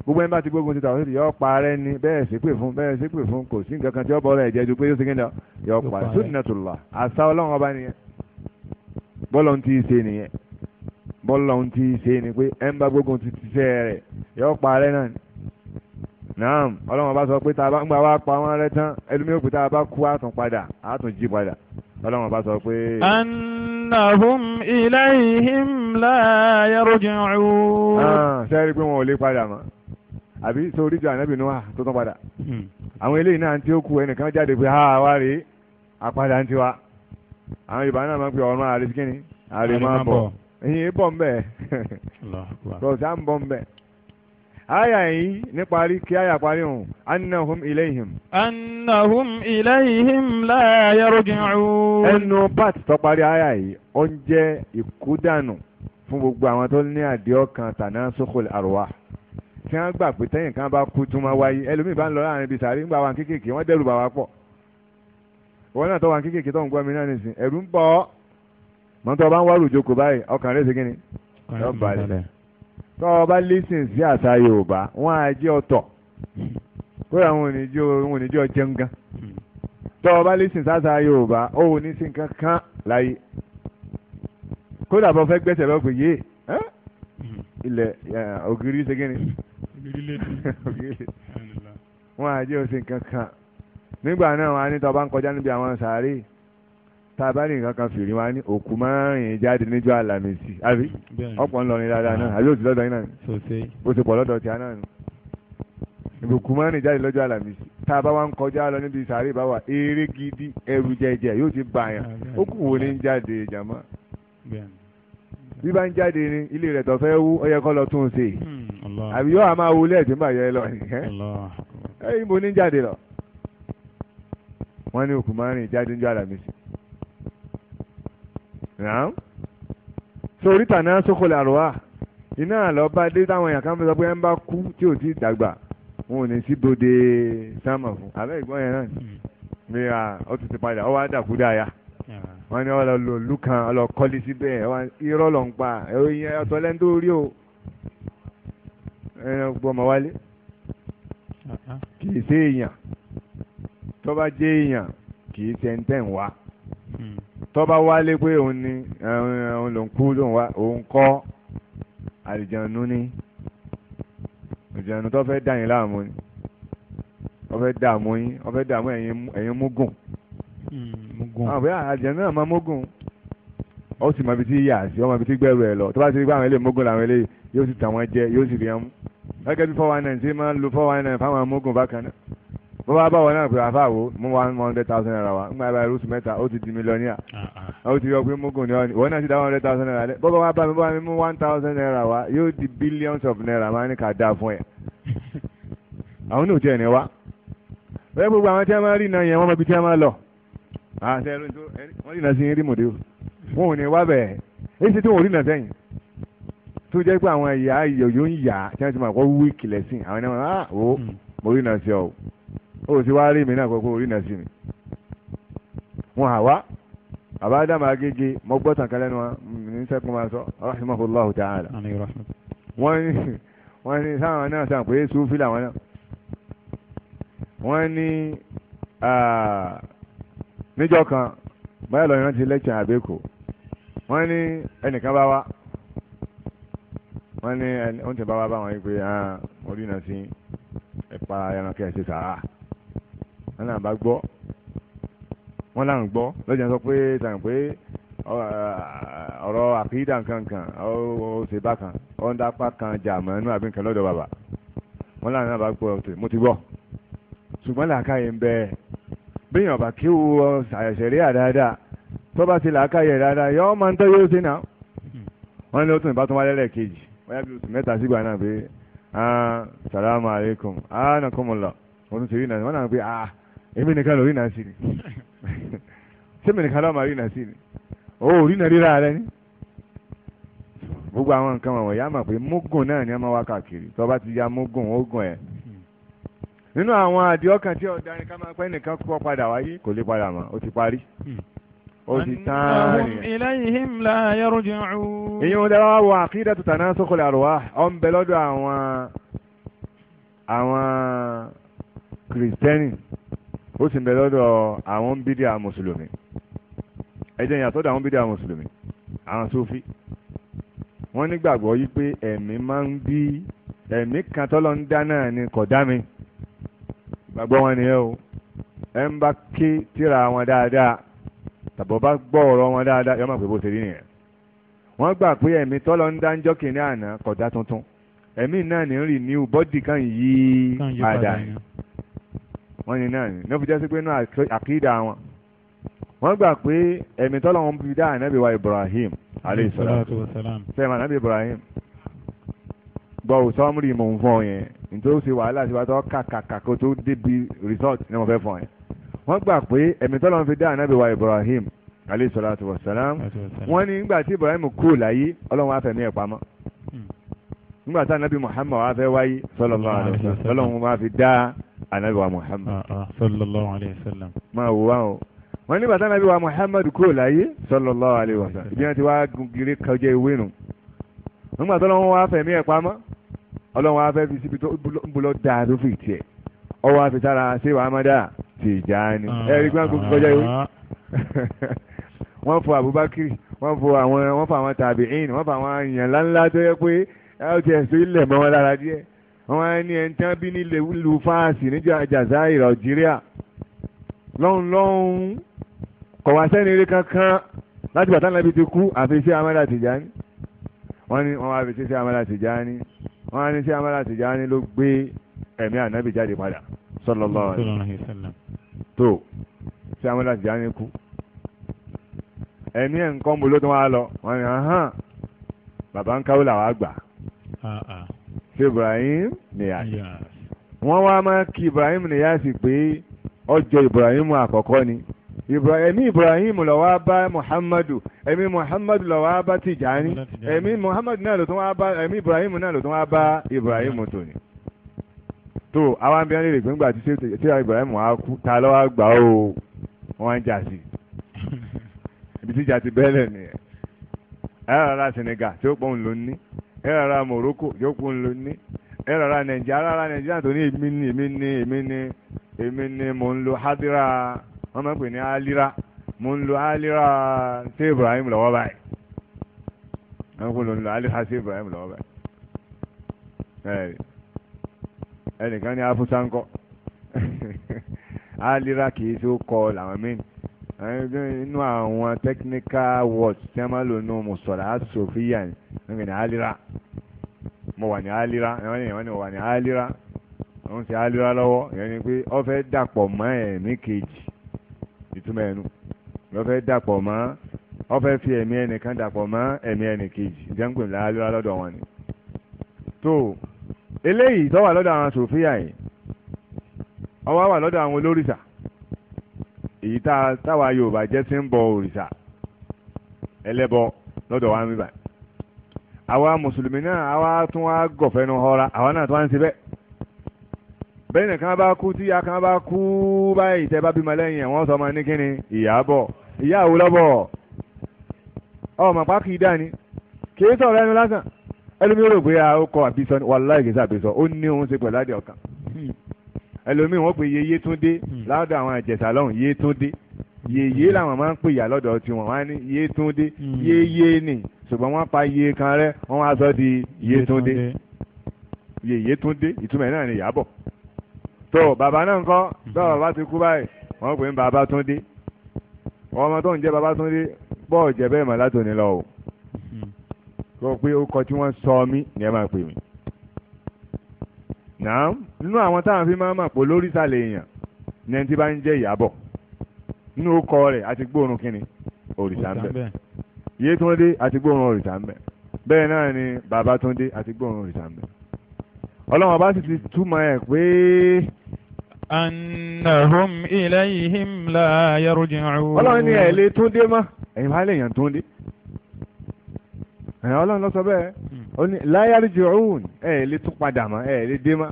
gbogbo ẹni bá ti gbógun ti tàwọn ìdí yọ parẹ́ ni bẹ́ẹ̀ sí pè fún bẹ́ẹ̀ sí pè fún kò sí nǹkan kan tí ó bọ́ ọ̀rọ̀ ẹ̀jẹ̀ ju pé yóò segin náà yọ parẹ́ sunnatullah àṣà ọlọ́run ọba nìyẹn bọ́lọ̀ ń ti ṣe nìyẹn bọ́lọ̀ ń ti ṣe ni pé ẹni bá gbógun ti ti ṣe rẹ̀ yọ parẹ́ náà ni naam ọlọ́run ọba sọ pé tá a bá ń gbà wá pa wọ́n rẹ́ tán ẹlòmíì òkú tá a bá kú àtún padà àtún jí padà ọlọ́run ọba sọ pé. annahum ilayhim la yarji'un. sẹ́ẹ̀rí ah, pé wọn ò lè padà mọ́ àbí sórí ju ànábì Noah tó tán padà hmm. àwọn eléyìí náà tí ó kú ẹnìkan jáde pé ha wá rèé apádà ń tiwa àwọn Yorùbá náà máa ń pè ọ̀run àrè sí kíni àrè máa bọ̀ ẹ̀yin bọ̀ ń bẹ̀ rọ̀ṣà ń bọ̀ ń bẹ̀ aya yìí ní parí kí aya parí hùn annahum ilayhim. annahum ilayhim la yarji'un. ẹnu pat tó parí aya yìí ó ń jẹ́ ìkúdànù fún gbogbo àwọn tó ní àdéhùn kan tànásùkùl arwah tí wọ́n gbà pé tẹ́yìn kan bá kú tún máa wáyé ẹlòmíì bá ń lọ láàrin ibi sàárì ń gbà wọn kéékèèké wọ́n dẹ́rù bà wá pọ̀ wọn náà tọ́ wọn kéékèèké tó ń gbọ́ mi náà nìsín ẹ̀rù ń bọ̀ mọ́tò ọba ń wá rùjókòó báyìí ọkàn rẹ̀ ṣe kí ni tọ́ ọba lísìn sí àṣà Yorùbá wọ́n á jẹ́ ọ̀tọ̀ kóyà wọn ò ní jẹ́ ọjẹ́ ńgán tọ́ ọba lísìn sáṣà Yorùbá ó ní sí nǹkan kan láyé kódà bọ́ fẹ́ gbẹ́sẹ̀ lọ́gbẹ̀ẹ́ yé ilẹ̀ ògiri ṣe kí ni wọ́n á jẹ́ òsè kankan nígbà náà wọ́n á ní tọ́ba ń kọjá níbi àwọn sàárè tá a bá ní nǹkan kan fìrí wọ́n á ní òkú máa ń rìn jáde níjọ́ àlàmísì àbí ọ̀pọ̀ ń lọ ní dáadáa náà àbí òtún lọ́dọ̀ yín náà ni bó ṣe pọ̀ lọ́dọ̀ tí a náà ni ìbùkún máa ń jáde lọ́jọ́ àlàmísì tá a bá wá ń kọjá lọ níbi sàárè bá wà eré gidi ẹrù jẹjẹ yóò ti bàyàn ó kù wo ní jáde jàmá bí bá ń jáde ní ilé rẹ̀ tó fẹ́ wú ó yẹ kó lọ tún un ṣe àbí yóò àmà wulẹ̀ tí ń bà yẹ lọ ẹ ibo ní jáde lọ wọ́n ní òkú márùn ìjáde ń jọ àlàmísì sórí tànà sókòlè àrùwá iná àlọ́ba dé táwọn èèyàn kan sọ pé ẹ ń bá kú tí ò ti dàgbà wọn ò ní sí bòde sámà fún abẹ́ ìgbọ́n yẹn náà ni hmm. ó ti ti padà ó wá dàkúdà yá wọ́n ní ọlọ lò lù kan ọlọ kọ́lé síbẹ̀ irọ́ lọ ń pa ẹ̀yìn ọ̀tọ̀ lẹ́nu tó rí o ẹ̀yìn ọgbọ́mọ wálé kì í ṣe èèyàn tọ́ba jẹ́ èèyàn kì í tẹ́ntẹ́ ń wá hmm. tọ́ba wálé pé òun ni òun ló ń kú ló wá òun kọ́ àlìjànú ni àlìjànú tó fẹ́ dà yín láàmú ni wọ́n fẹ́ dààmú yín wọ́n fẹ́ dààmú ẹ̀yin múgùn àwọn mm. ah, àjẹ náà máa mógùn ó sì máa bi tí yà sí ọmọ ibi tí gbẹrù ẹ lọ tó bá ti rí pé àwọn eléyìí mógùn làwọn eléyìí yóò sì tàwọn jẹ yóò sì rí ẹmu gẹ́gẹ́ bí four one nine ṣe máa ń lo four one nine fáwọn mógùn bákan náà bó bá báwọn náà pé àfàwọ mú one hundred thousand naira wa nígbà ìbára oṣù mẹ́ta ó ti di mílíọ̀nìyà ah, ah. ó ti yọ pé mógùn ni wọ́n náà ti dá one hundred thousand naira lẹ bọ́bá wa bá mi bá mi mú one thousand naira wa yóò di billions of naira máa ní ká dáa fún ẹ àwọn náà ò tiẹ̀ ní wa bẹ́ẹ̀ gbogbo àwọn tí a máa rí náà yẹn wọ́n àṣẹ ah, ẹrú tó wọ́n rìnà sí rí mòdé o wọn ò ní wá bẹ̀ ẹ́ ṣe tí wọn ò rìnà sẹ́yìn tó jẹ́ pé àwọn ìyá yòyó ń yà tí wọ́n ti máa kọ́ wíìkì lẹ́sìn àwọn ẹni wọn á wò ó mo rìnà sí ọ o ò sì wá rí mi náà kókó rìnà sí mi wọn à wá bàbá Ádámù Agége mo gbọ́ tàn kálẹ́nu wọn ní sẹ́kùn máa sọ rahimahullahu ta'ala wọ́n ní wọ́n ní sáwọn náà sàn pé sùúfì làwọn náà wọ́n ní. Ah, níjọ́ kan báyọ̀ lọ ìrántí lẹ́kìn àbẹ́kò wọ́n ní ẹnìkan bá wá wọ́n ní ẹni tí bá wá bá wọn yìí pé mo ah, rí iná sí ẹ̀pà ẹran kẹ́ ẹ̀ ṣe sàrà wọ́n náà bá gbọ́ wọ́n náà ń gbọ́ lọ́jà sọ pé sàn pé ọ̀rọ̀ àkìdá nkankan ó ṣe bákan kan jà mọ́ inú lọ́dọ̀ bàbá wọ́n náà náà bá gbọ́ mo ti gbọ́ ṣùgbọ́n làákàyè ń bẹ́ẹ̀ bíyàn bá kí wo ṣàṣẹ̀rí àdáadáa tó bá ti làákàyè dáadáa yọ máa ń tọ́ yóò ṣe náà wọ́n ní ó tún ìbátan wálé lẹ́ẹ̀kejì wọ́n yá bí oṣù mẹ́ta sígbà náà pé ah, salamu alaikum anakumula wọ́n tún ti rí náà wọ́n náà pé ah, èmi nìkan lórí náà sí ni sẹ́mi nìkan lọ́ọ́ máa rí náà sí ni ó rí náà ríra rẹ ni gbogbo àwọn nǹkan wọ̀nyí á mọ̀ pé mógùn náà ni wọ́n máa wá káàkiri tó bá ti ya mógùn ó gùn ẹ̀ nínú àwọn àdìọ́kàn tí ọ̀dà ni ká máa pẹ́ nìkan kọ́ padà wáyé kò lè padà mọ́ ó ti parí hmm. ó ti tán ni. ilayhim la yarji'un. èyí wọn dára wọ àkídà tó tàná sókòlè àrùwá ọ̀ ń bẹ lọ́dọ̀ àwọn àwọn kìrìsìtẹ́nì ó sì ń bẹ lọ́dọ̀ àwọn bídíà mùsùlùmí ẹ̀jẹ̀ yàtọ̀ dọ̀ àwọn bídíà mùsùlùmí àwọn sófì wọ́n nígbàgbọ́ yí pé ẹ̀mí máa ń bí ẹ̀mí kan tọ́lọ́ ń dá náà ni kò dá mi gbàgbọ́ wọn nìyẹn o ẹ ń bá ké tíra wọn dáadáa tàbọ̀ bá gbọ́ ọ̀rọ̀ wọn dáadáa yọ máa pè bó ṣe rí nìyẹn wọ́n gbà pé ẹ̀mí tọ́lọ ń dánjọ́ kìíní àná kódà tuntun ẹ̀mí náà ní rìn ní bọ́dì kan yí padà wọ́n ní náà ní ní fi jẹ́sí pé inú àkídà wọn wọ́n gbà pé ẹ̀mí tọ́lọ ń fi dá ànábì Ibrahim alayhi salatu wa salam sẹ́yìn ànábì Ibrahim gbọ́rù sọ́mùrì mò ń fọ́n yẹn nítorí ó ṣe wàhálà síwájú tó kàkàkà kó tó débi resort ní wọ́n fẹ́ fọ́n yẹn. wọ́n gbà pé ẹ̀mí tọ́lọ́ fi dá ànábì wa Ibrahim alayhi salatu wa salam wọ́n ní nígbà tí Ibrahim kú láyé ọlọ́run á fẹ̀mí ẹ̀ pamọ́ hmm. nígbà tí ànábì Muhammad wa fẹ́ wáyé sallallahu alaihi wasallam ọlọ́run wa fi dá ànábì wa Muhammad ah, ah, sallallahu alaihi wasallam máa wò wá o wọ́n nígbà tí ànábì wa Muhammad kú láyé sallallahu alaihi wasallam ibi wọn ti wá gun nígbà tó lọ́wọ́ wá fẹ̀mí ẹ̀ pamọ́ ọlọ́run wá fẹ́ fi síbi tó ń bọ́ dáa tó fi tiẹ̀ ọwọ́ àfi sára ṣé wàá má dáa Tìjàní ẹ rí gbọ́n gbogbo kọjá yìí wọ́n fọ Abubakar wọ́n fọ àwọn wọ́n fọ àwọn tàbíìn wọ́n fọ àwọn èèyàn ńláńlá tó yẹ pé ó ti ilẹ̀ mọ́ wọn lára díẹ̀ wọ́n á ní ẹni tán bí nílé lu fáàsì níjà Jazair Algeria lọ́hùn lọ́hùn kọ̀wá sẹ́ni eré kankan láti bàtà nàbí ti kú àfi ṣé amádà Tìjàní wọ́n ní wọ́n wá fi títí amala Tijani wọ́n á ní tí amala Tijani ló gbé ẹ̀mí ànábì jáde padà sallallahu alaihi wasallam tó tí amala Tijani kú ẹ̀mí ẹ̀ nǹkan bolo tó wá lọ wọ́n ní ahán bàbá ń káwó làwọn àgbà ṣé Ibrahim Niyasi wọ́n wá máa kí Ibrahim Niyasi pé ọjọ́ Ibrahim àkọ́kọ́ ni ẹ̀mí Ibrahim ló wá bá Muhammadu ẹ̀mí Muhammadu ló wá bá Tijani ẹ̀mí Muhammadu náà ló tún wá bá ẹ̀mí Ibrahim náà ló tún wá bá Ibrahim tòní. tó àwọn abiyanu lè gbẹ́ngbà tí ṣé Ibrahim wá kú ta lọ́wọ́ gbà ó wọ́n ń jà sí ibi tíjà ti bẹ́lẹ̀ nìyẹn ẹ rárá Senegal tí ó pọ́n ló ní ẹ Morocco tí ó pọ́n ló ní ẹ Nàìjíríà rárá Nàìjíríà tó ní èmi ní èmi ní èmi ní mò ń lo hadira wọ́n máa ń pè ní alira mo ń lo alira sí Ibrahim lọ́wọ́ báyìí wọ́n kò lò ń lo alira sí Ibrahim lọ́wọ́ báyìí ẹnìkan ní afusa ńkọ́ alira kìí tó kọ làwọn mìíràn nínú àwọn technical words tí a máa lò nínú mùsọ̀lá sofiya ní ní alira mo wà ní alira ẹ̀wọ́n ni mo wà ní alira òun ti alira lọ́wọ́ ìyẹn ni pé ọ fẹ́ dàpọ̀ mọ́ ẹ̀mí kejì ìtumọ̀ ẹnu lọ́fẹ́ dàpọ̀ mọ́ ọfẹ́ fi ẹ̀mí ẹnìkan dàpọ̀ mọ́ ẹ̀mí ẹnìkejì jẹ́ǹpẹ̀ láàlúwa lọ́dọ̀ wọn ni. tó eléyìí tó wà lọ́dọ̀ àwọn sòfíà yìí ọwọ́ wà lọ́dọ̀ àwọn olórìṣà èyí táwa Yorùbá jẹ́ sí ń bọ òrìṣà ẹlẹ́bọ lọ́dọ̀ wa ń bíbà àwa mùsùlùmí náà àwa tún wá gọ̀fẹ́nu họra àwa náà tún wá bẹ́ẹ̀ nìkan bá kú tí ìyá kan bá kú báyìí tẹ́ bá bímọ lẹ́yìn ẹ̀ wọ́n sọ ọmọ ní kíni ìyàbọ̀ ìyàwó lọ́bọ̀ ọmọ pa kìí dání kìí sọ̀rọ̀ ẹnu lásán ẹlòmíì rò pé àókọ àbísọ wàláì kìí sàbísọ ó ní òun ṣe pẹ̀lú àdé ọ̀kan ẹlòmíì wọ́n pe yeye tún dé ládọ̀ àwọn àjẹsà lọ́hùn yeye tún dé yeye làwọn máa ń pè yà lọ́dọ̀ tiwọn wọ́n á ní yeye tún dé hmm. yeye ni ṣùgbọ́n wọ́n pa yeye kan rẹ́ wọ́n wá sọ di yeye tún dé yeye tún dé ìtumọ̀ náà ni yàbọ̀ tó bàbá náà ń kọ́ tó mhm. bàbá ti kú báyìí wọ́n pè ń bàbá tún dé ọmọ tó ń jẹ́ bàbá tún dé bọ́ọ̀ jẹ́ bẹ́ẹ̀ mà látòní lọ o kó mhm. pé ó kọ tí wọ́n sọ mí ni ẹ máa pè mí náà nínú àwọn táwọn fi máa mà pò lórí ìsàlẹ̀ èèyàn ní ẹni tí bá ń jẹ́ ìyàbọ̀ nínú ọkọ rẹ̀ àti gbóòórùn kínni òrìṣà ń bẹ yétúndé àti gbóòórùn òrìṣà ń bẹ bẹ́ẹ̀ náà ni bàbá túndé àti gbóòórùn òrìṣà ń bẹ ọlọ́wọ́n bá sì ti túmọ̀ ẹ̀ pé annahum ilayhim la yarji'un. ọlọ́run ni ẹ̀ lè tún dé mọ́ ẹ̀yin máa lè yàn tún dé ẹ̀yin ọlọ́run lọ sọ bẹ́ẹ̀ hmm. ó ní la yarji'un ẹ̀ lè tún padà mọ́ ẹ̀ lè dé mọ́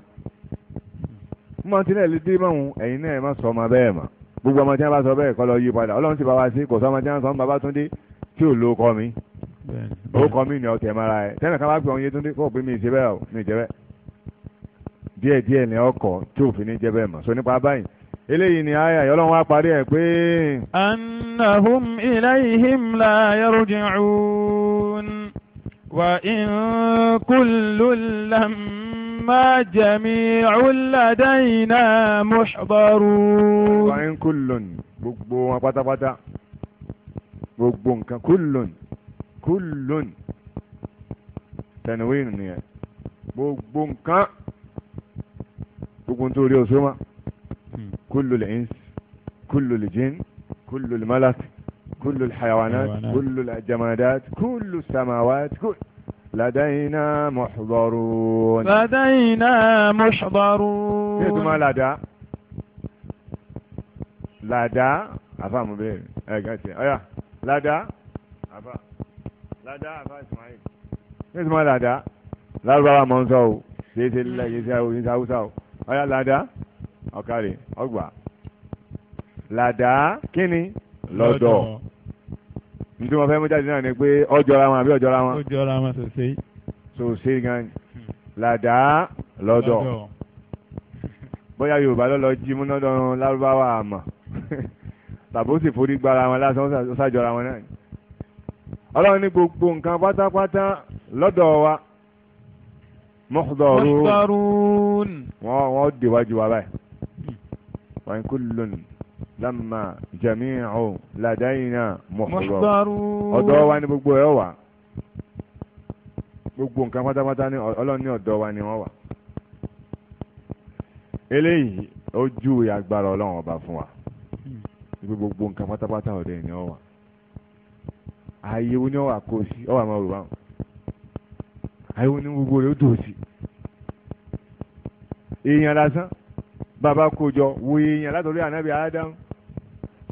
mọ́ tí náà lè dé mọ́ òun ẹ̀yin náà ẹ̀ má sọ ọmọ bẹ́ẹ̀ mọ́ gbogbo ọmọ tí wọn bá sọ bẹ́ẹ̀ kọ́ lọ yí padà ọlọ́run sì bá wa sí kò sọ ọmọ tí wọn sọ ń bàbá túndé tí ò lo kọ́ mi ó kọ́ mi ní ọ̀tẹ̀ mara ẹ̀ tẹ́lẹ̀ bá pè ọ́n díẹ̀ díẹ̀ ní ọkọ̀ tí òfin ní jẹ́ bẹ́ẹ̀ mọ̀ so nípa báyìí eléyìí ni àyà yọ lọ́wọ́ parí ẹ̀ pé. annahum ilayhim la yarji'un wa in kullun lamma jami'un ladayna muhdarun. wa in kullun gbogbo wọn pátápátá gbogbo nǹkan kullun kullun tanwin nìyẹn gbogbo nǹkan. gbogbo ń tó كل oṣù كل الجن كل الملك كل الحيوانات كل الجمادات كل السماوات كل لدينا محضرون لدينا محضرون كيف إيه ما لدى لدى أفهم بيه أيا أيوه. لدى أفا لدى أفا إسماعيل كيف إيه ما لدى لا بابا منصو سيسي الله يساو يساو ساو ọ̀yá làdá ọ̀kàrẹ̀ ọgbà làdá kíni lọ́dọ̀ ní tí mo fẹ́ mú jáde náà ni pé ọjọ́ra wọn àbí ọjọ́ra wọn. ọjọ́ra wọn sòsè. sòsè gan hmm. làdá lọ́dọ̀ bóyá yorùbá ló lọ jí múnádọ́rùn lárúbáwá àmọ́ tàbó sì forí gbára wọn lásán ó ṣàjọra wọn náà. ọlọ́run ní gbogbo nǹkan pátápátá lọ́dọ̀ wa muhdarun wọ́n wọ́n dè wájú wa báyìí wa in kullun lamma jami'u ladayna muhdarun ọ̀dọ̀ wa ni gbogbo ẹ̀ wà gbogbo nǹkan pátápátá ní ọlọ́run ní ọ̀dọ̀ wa ni wọ́n wà eléyìí ó júwe agbára ọlọ́run ọba fún wa ibi gbogbo nǹkan pátápátá ọ̀dọ̀ ni wọ́n wà ààyè wo ni wọ́n wà kó sí ọ̀wà máa rò báwọn àyẹ̀wò ní gbogbo rẹ̀ ó dùn sí. èèyàn lásán bàbá kojọ wo èèyàn látọ̀rí ànábì ádámù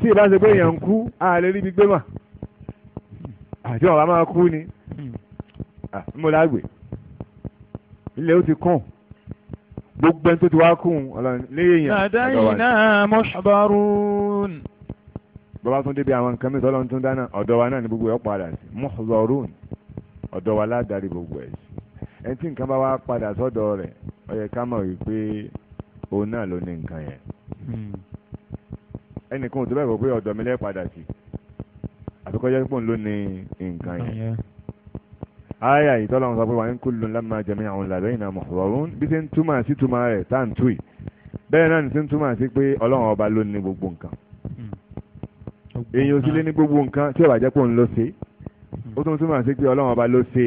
tí ìbá ṣe pé èèyàn ń kú àlè ríbi gbé mà àti ọ̀rọ̀ máa kú ni mo lágbè ilé ó ti kàn gbogbo ẹni tó ti wá kún ọlọ́run léèyàn. ladaina bàbá tún débi àwọn nǹkan mìíràn tọ́lọ́run tún dáná ọ̀dọ̀ wa náà ní gbogbo ẹ̀ padà sí muhbarun ọ̀dọ̀ wa ládàrí gbogbo ẹ̀ sí ẹni tí nǹkan bá wá padà sọ́dọ̀ rẹ̀ ó yẹ ká mọ̀ wípé òun náà ló ní nǹkan yẹn hmm. ẹnìkan ò tó bẹ́ẹ̀ gbọ́ pé ọ̀dọ̀ mi lẹ́ padà sí àfikọ́jọ́ pò ń ló ní nǹkan yẹn aya yìí tọ́lọ́ sọ pé wà ń kúlù lámà jẹ̀mí àwọn ladaina muhdarun bí ṣe ń túmọ̀ sí túmọ̀ rẹ̀ tá ń tú yìí bẹ́ẹ̀ náà ní ṣe ń túmọ̀ sí pé ọlọ́run ọba ló ní gbogbo nǹkan hmm. èyí ò sí lé ní gbogbo nǹkan tí ìbàjẹ́ ń lọ sí ó tún túmọ̀ sí pé ọlọ́run ọba ló ṣe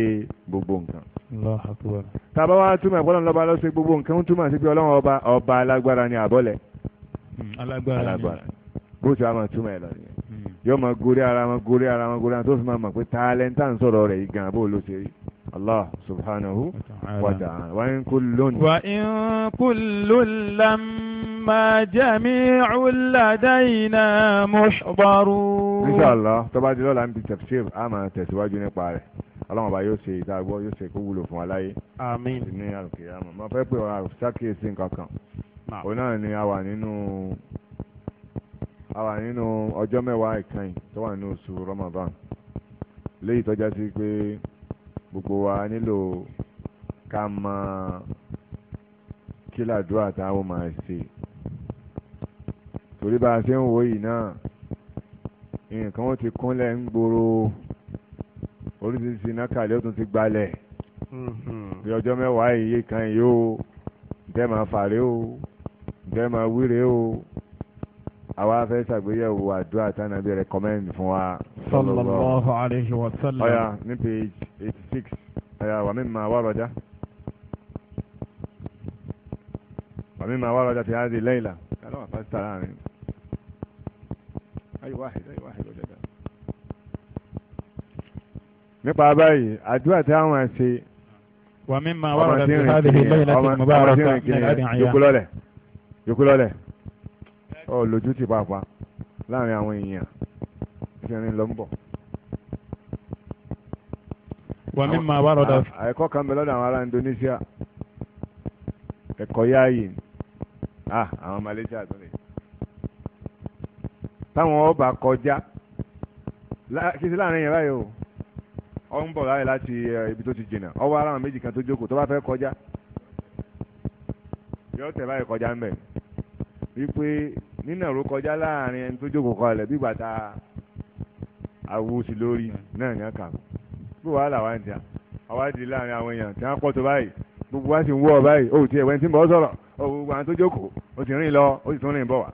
gbogbo nǹkan. tàbá wa túmọ̀ ìpọ́nlọ́run ọba ló ṣe gbogbo nǹkan ó túmọ̀ sí pé ọlọ́run ọba ọba alágbára ni àbọ̀lẹ̀. Hmm, alágbára ni bó ti wá máa túmọ̀ ẹ̀ lọ nìyẹn hmm. yóò máa gorí ara wọn gorí ara wọn gorí ara tó fi máa mọ̀ pé tálẹ́ńtà ń sọ̀rọ̀ rẹ̀ yìí gan-an bó ló ṣe rí. Allah subhanahu wa ta'ala. Wa in kullun. Wa in kullun lamma jami'un ladayna muhdarun. Insha Allah tó bá di lọ́la ń bi tafsir a máa tẹ̀síwájú nípa rẹ̀. Ọlọ́run ọba yóò ṣe ìdágbọ́ yóò ṣe kó wúlò fún wa láyé. Àmín. Ní àlùkè àmọ́. Mo fẹ́ pè ọ́ ṣàkíyèsí nǹkan kan. Òun náà ni a wà nínú a wà nínú ọjọ́ mẹ́wàá ìkànnì tó wà nínú oṣù Ramadan. Léyìí tọ́já sí pé gbogbo wa nílò ká mọ kí làdúrà táwọn máa ṣe torí bá a ṣe ń wò yìí náà nǹkan ó ti kúnlẹ̀ ń gbòòrò oríṣiríṣi nákàlẹ́ ó tún ti gbalẹ̀ mm-hmm. bí ọjọ́ mẹ́wàá iye kan yìí ó ǹtẹ́ máa fàárẹ̀ o ǹtẹ́ máa wíre o àwa fẹ́ ṣàgbéyẹ̀wò àdúrà tánàbí rẹ̀ kọ́mẹ́ǹdì fún wa. sallallahu alayhi wa sallam. ọ̀ya ní page eighty six ẹ̀yà wàmí ma wà rọjá wàmí ma wà rọjá ti hàdí lẹ́yìnlá kálọ̀ wà pásítà láàrin ayé wáhìd ayé wáhìd ọjà dá. nípa báyìí àdúrà tí àwọn ṣe. wàmí ma wà rọjá ti hàdí lẹ́yìnlá ti mú bá rọ ká ní àdín àyà. jokulọ́lẹ̀ jokulọ́lẹ̀ ọ̀ lójú ti pàápàá láàrin àwọn èèyàn tí wọ́n ń lọ wọ́n mí máa wá rọ̀dà. ẹ̀kọ́ kan bẹ lọ́dọ̀ àwọn ará Indonesia ẹ̀kọ́ yáàyè ah àwọn Malaysia tó lè táwọn ọba kọjá kí láàrin ọ ń bọ̀ láyé ibi tó ti jìnnà ọwọ́ ara àwọn méjì kan tó jókòó tó bá fẹ́ kọjá bí wàhálà wá ń jà àwa di láàrin àwọn èèyàn tí wọ́n pọ̀ tó báyìí gbogbo wa sì ń wọ́ ọ báyìí ó ti ẹ̀wẹ̀ ń tí ń bọ́ sọ̀rọ̀ ó gbogbo àwọn tó jókòó ó ti rìn lọ ó sì tún rìn bọ̀ wá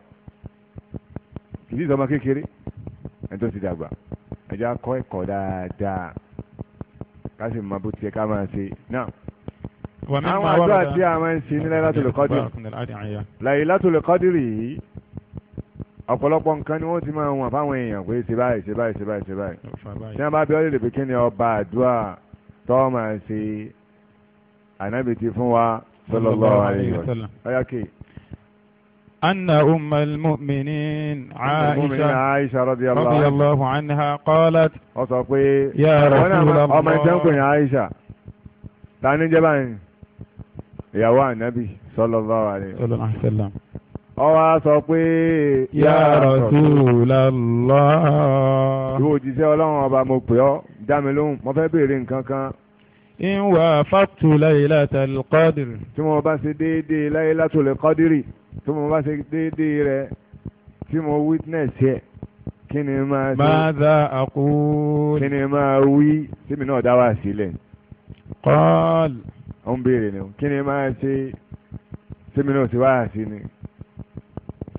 kì sọmọ kékeré ẹni tó ti dàgbà ẹjọ́ akọ́ ẹ̀kọ́ dáadáa ká sì mọ bó tiẹ̀ ká máa ṣe náà àwọn àdúrà tí a máa ń ṣe ní Laylatul Qadr Laylatul Qadr yìí ọ̀pọ̀lọpọ̀ nǹkan ni wọ́n ti máa wọ̀n fáwọn èèyàn pé ṣe báyìí ṣe báyìí ṣe báyìí ṣe báyìí tí wọ́n bá bí ọ́lẹ́dẹ̀ pé kí ni ọba àdúrà tó máa ṣe ànábì ti fún wa sallallahu alaihi wasallam ọ̀yá kì í. أن أم المؤمنين عائشة عائشة رضي الله, رضي الله عنها قالت يا رسول الله عائشة تاني جبان يا النبي صلى الله عليه وسلم ó wá sọ pé. ya Rasulallah. ìwọ òjíṣẹ́ ọlọ́run ọba mo pè ọ́ dá mi lóhùn mo fẹ́ béèrè nǹkan kan. in wafaqtu laylatal qadr. tí mo bá ṣe déédéé laylatul qadri tí mo bá ṣe déédéé rẹ̀ tí mo witness yẹ kí ni máa ṣe. madha aqul. kí ni máa wí tèmi náà dá wà sílẹ̀. qal. ó ń béèrè ni kí ni máa ṣe tèmi náà ti wá sí ni.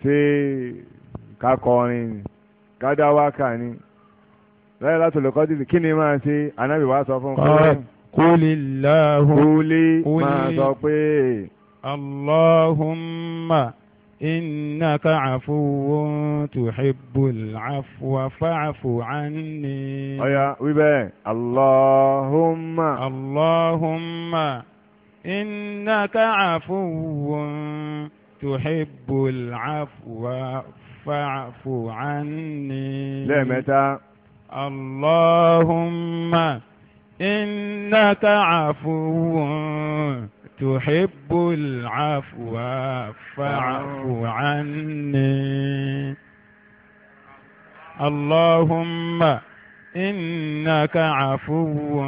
ṣé kakọrin ni kádáwákà ni lẹ́yìn láti olùkọ́ dìde kí ni máa ṣe anábì wá sọ fún un. kúlì láhùn kúlì máa sọ pé. Allahumma innaka afuwun tuhibbul afwa fa'fu anni. Ọ̀ya wíbẹ̀ Allahumma. Allahumma innaka afuwun. تحب العفو فاعف عني لمتى اللهم إنك عفو تحب العفو فاعف عني اللهم إنك عفو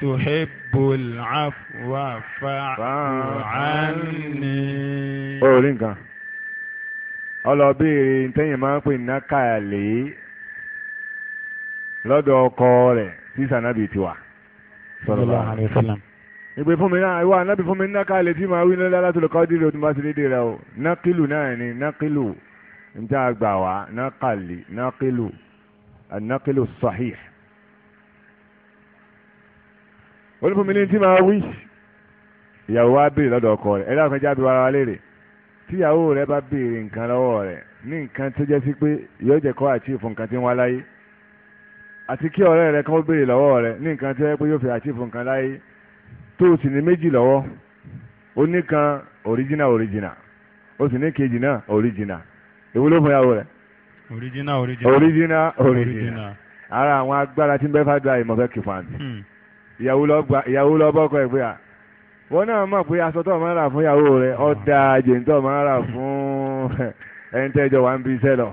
تحب العفو afwa fa'fu anni. orí nǹkan ọlọ́bìnrin tẹ́yìn máa ń pè ní káyàlẹ́ lọ́dọ̀ ọkọ rẹ̀ tí sànàbì ti wà. sallallahu alaihi wasallam. ìgbé fún mi náà ìwà anábì fún mi ní káyàlẹ́ tí màá wí ní Lailatul Qadr o tí màá ti dédé rẹ o nákìlù náà ni nákìlù níta àgbà wa nákàlì nákìlù nákìlù sahih ó ní fún mi ní tí máa wí ìyàwó wa béèrè lọ́dọ̀ ọkọ rẹ̀ ẹ̀dá kan jáde wàrà léèrè tíyàwó rẹ̀ bá béèrè nǹkan lọ́wọ́ rẹ̀ ní nǹkan tó jẹ́ sí pé yóò jẹ́ kọ́ àti ìfún nǹkan tí ń wá láyé àti kí ọ̀rẹ́ rẹ̀ kan ó béèrè lọ́wọ́ rẹ̀ ní nǹkan tó yẹ pé yóò fi àti ìfún nǹkan láyé tó o sì ní méjì lọ́wọ́ ó ní kan original original ó sì ní kejì náà original èwo ló fún ìyàwó rẹ̀ original original original original ara àwọn agbára tí ń bẹ́ fàdúrà ìmọ̀fẹ́ kìfọ́ ìyàwó lọ bọ́kọ ẹ̀ pé à wọn náà mọ̀ pé aṣọ tó máa ń rà fún ìyàwó rẹ ọ̀dà àjèǹtọ̀ máa ń rà fún ẹni tẹ́jọ wà ń bí iṣẹ́ lọ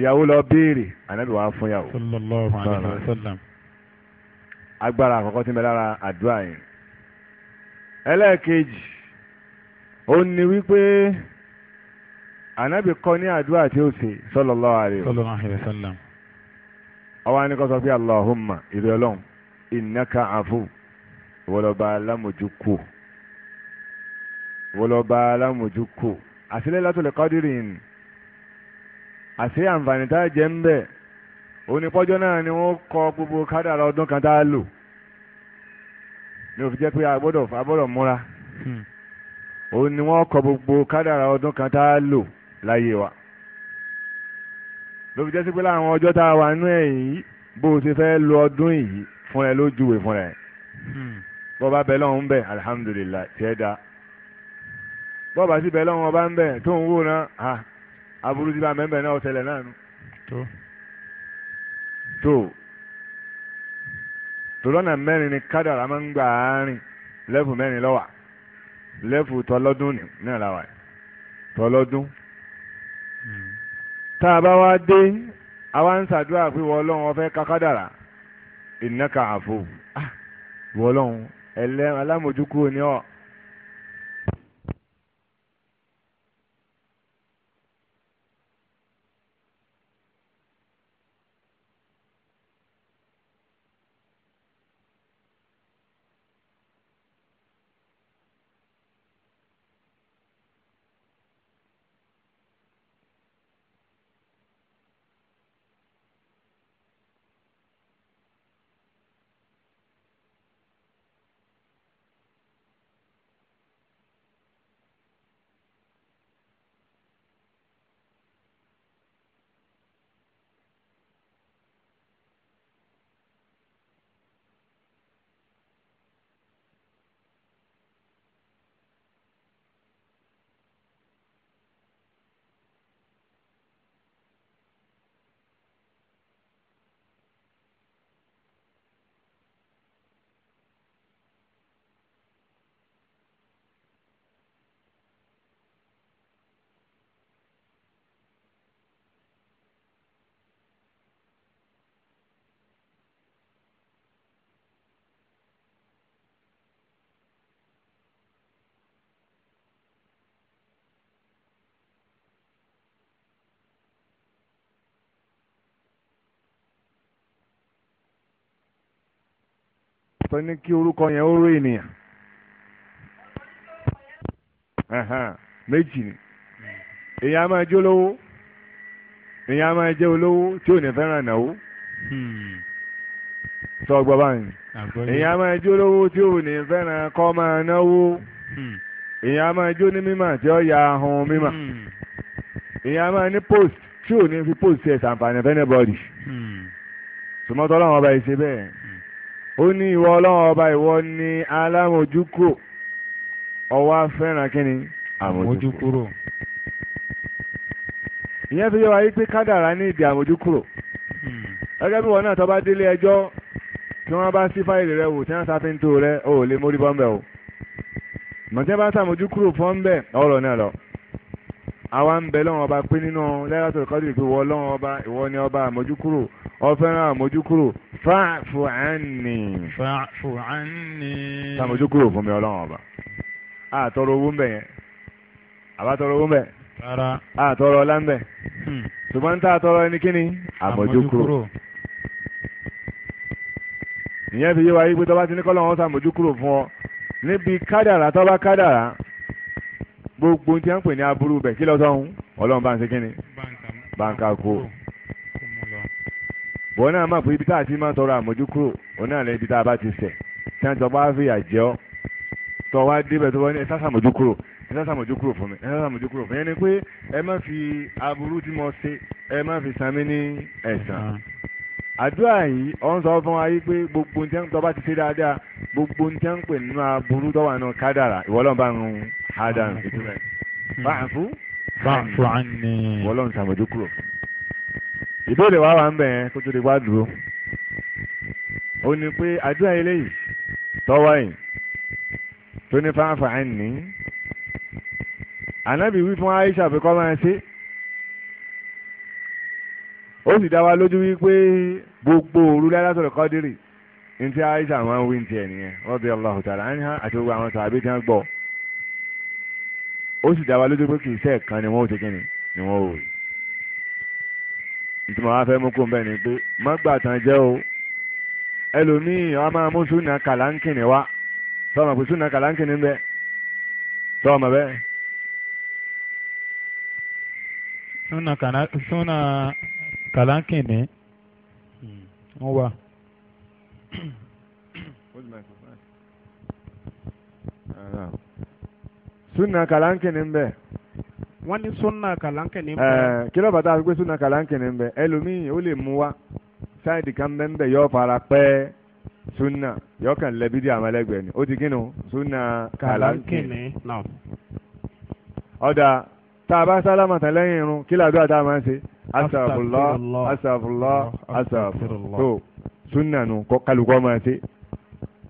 ìyàwó lọ béèrè ànábì wàá fún ìyàwó. sallallahu alaihi wasallam. agbára àkọ́kọ́ tí ń bẹ lára àdúrà yẹn. ẹlẹ́ẹ̀kejì ó ní wípé ànábì kọ́ ní àdúrà tí ó ṣe sallallahu alaihi wasallam ọwọ́ á ní kó sọ pé Allahumma ìrẹ́ ọlọ́run innaka afu wọlọba alámójúkù wọlọba alámójúkù àṣìlẹ̀ látòlẹ̀ kọ́dírì ni àṣì àǹfààní tá a jẹ́ ń bẹ̀ onípọ́jọ́ náà ni wọ́n kọ gbogbo kádàrá ọdún kan tá a lò ní òfin jẹ́ pé agbọ́dọ̀ agbọ́dọ̀ múra hmm. òun ni wọ́n kọ gbogbo kádàrá ọdún kan tá a lò láyé wa ló fi jẹ́ sí pé láwọn ọjọ́ tá a wà nínú ẹ̀ yìí bó o ṣe fẹ́ lo ọdún yìí fún ẹ ló júwe fún hmm. ẹ bọ́ba bẹ lọ́hún ń bẹ alihamudulilayi tiẹ̀ da bọ́ba sì bẹ lọ́hún ọba ń bẹ tó ń wò náà ha aburú ti bá mẹ́mbẹ́ náà ọ̀tẹlẹ̀ náà nu. tó tòlọ́nà mẹ́rin ni kádàrá máa ń gbà á lẹ́fù mẹ́rin lọ́wà lẹ́fù tọlọ́dún náà làwà tọlọ́dún. Hmm tá a bá wá dé àwa ń ṣàdúrà pé wọ́n ọlọ́run ọ̀fẹ́ kakádàrà ìnáka àfò ah, wọ́n ọlọ́run ẹlẹ́ alámójúkúrò ní ọ̀ tó ní kí orúkọ yẹn ó rí ènìyàn méjì ni èyàn á máa jẹ́ olówó èyàn á máa jẹ́ olówó tí ò ní fẹ́ràn náwó sọ gbọ́ báyìí èyàn á máa jẹ́ olówó tí ò ní fẹ́ràn kọ́ máa náwó hmm. èyàn á máa jẹ́ onímọ̀ tí ó ya ahun mímọ̀ hmm. èyàn á máa ní post tí ò ní fi post ẹ̀ sàǹfààní fẹ́nẹ́bọ̀dì hmm. sọmọtọ́ làwọn ọba yìí ṣe bẹ́ẹ̀ ó ní ìwọ ọlọ́run ọba ìwọ ni alámójúkò ọwọ́ afẹ́ràn kínní àmójúkúrò ìyẹn fi yẹ wáyé pé kádàrá ní ìdí àmójúkúrò hmm. gẹ́gẹ́ bí wọn náà tó bá délé ẹjọ́ tí wọ́n bá sí fáìlì rẹ wò tí wọ́n sáfin tó rẹ ò lè mórí bọ́ńbẹ́ o mọ̀tí bá sàmójúkúrò fọ́ńbẹ́ ọ̀rọ̀ náà lọ àwa ń bẹ lọ́wọ́ ọba pé nínú lẹ́yàtọ̀ kọ́dù ìpè wọ́ lọ́wọ́ ọba ìwọ ni ọba àmójúkúrò ọfẹ́ràn fàáfù ànì. fàáfù ànì. sàmójú kúrò fún mi ọlọ́run ọba àtọrọ owó ń bẹ̀ yẹn àbátọrọ owó ń bẹ̀ rárá àtọrọ ọlá ń bẹ̀ ṣùgbọ́n tá a tọrọ ẹni kíni àmójú kúrò ìyẹn fi yé wa yípe tọ́ba ti ní kọ́lọ́ wọn sàmójú kúrò fún ọ níbi kádàrà tọ́ba kádàrà gbogbo tí wọ́n ń pè ní aburú bẹ̀ kí lọ́sọ̀hún ọlọ́run bá ń ṣe kíni bá ń ká kú wọn náà mọ̀ pé ibi tá a ti máa tọrọ àmójúkúrò òun náà lẹ ibi tá a bá ti ṣẹ̀ tí wọ́n ti bá fìyà jẹ ọ́ tọ́ wá débẹ̀ tó wọ́n ní ẹ sá sàmójúkúrò ẹ sá sàmójúkúrò fún mi ẹ sá sàmójúkúrò fún mi ẹni pé ẹ má fi aburú tí mo ṣe ẹ má fi san ní ẹ̀san ah. àdúrà yìí ọ̀n sọ fún wa yìí pé gbogbo ní tẹ́ńpẹ́ ọba ti ṣe dáadáa gbogbo ní tẹ́ńpẹ́ nínú aburú tó wà nù kádàrà ìwọ́lọ́n bá ń ìbéèrè wa wà ń bẹ̀ yẹn kó tó di wá dúró ó ní pé àdúrà eléyìí tọ́wọ́ yìí tó ní fáfà ẹ̀ ní ànábì wí fún Aisha pé kọ́ máa ṣe ó sì dá wa lójú wípé gbogbo òru lálásọ̀rọ̀ kọ́dírì ní ti Aisha wọn wí ní tiẹ̀ nìyẹn radiyallahu ta'ala anha àti gbogbo àwọn tàbí tí wọ́n gbọ́ ó sì dá wa lójú pé kì í ni wọ́n ó ti kí ni wọ́n ó rí ìtumọ̀ wa fẹ́ mú kó bẹ́ẹ̀ ni pé mọ́gbàtàn jẹ́ o ẹlòmíì wọn máa mú súnà kàlánkìnì wá sọmọ pé súnà kàlánkìnì ń bẹ sọmọ bẹ́ẹ̀. súnà kàlánkìnì ń hmm, wà. súnà kàlánkìnì ń bẹ wọ́n ní sunna kàlánkìnní ń bẹ. Eh, kí ló bàtà àfikún sunna kàlánkìnní ń bẹ ẹlòmíì ó lè mú wa sáìdì kan bẹ́ẹ̀ bẹ́ẹ̀ yọ fara pẹ́ sunna yọ kàn lẹ́bi di àmàlẹ́gbẹ̀ẹ́ ni ó ti kínú sunna kàlánkìnní. ọ̀dà tá a bá sálámà tán lẹ́yìn irun kí làdúrà tá a ṣe asàfùlọ́ asàfùlọ́ asàfùlọ́ tó sunna nù kálukọ́ máa ṣe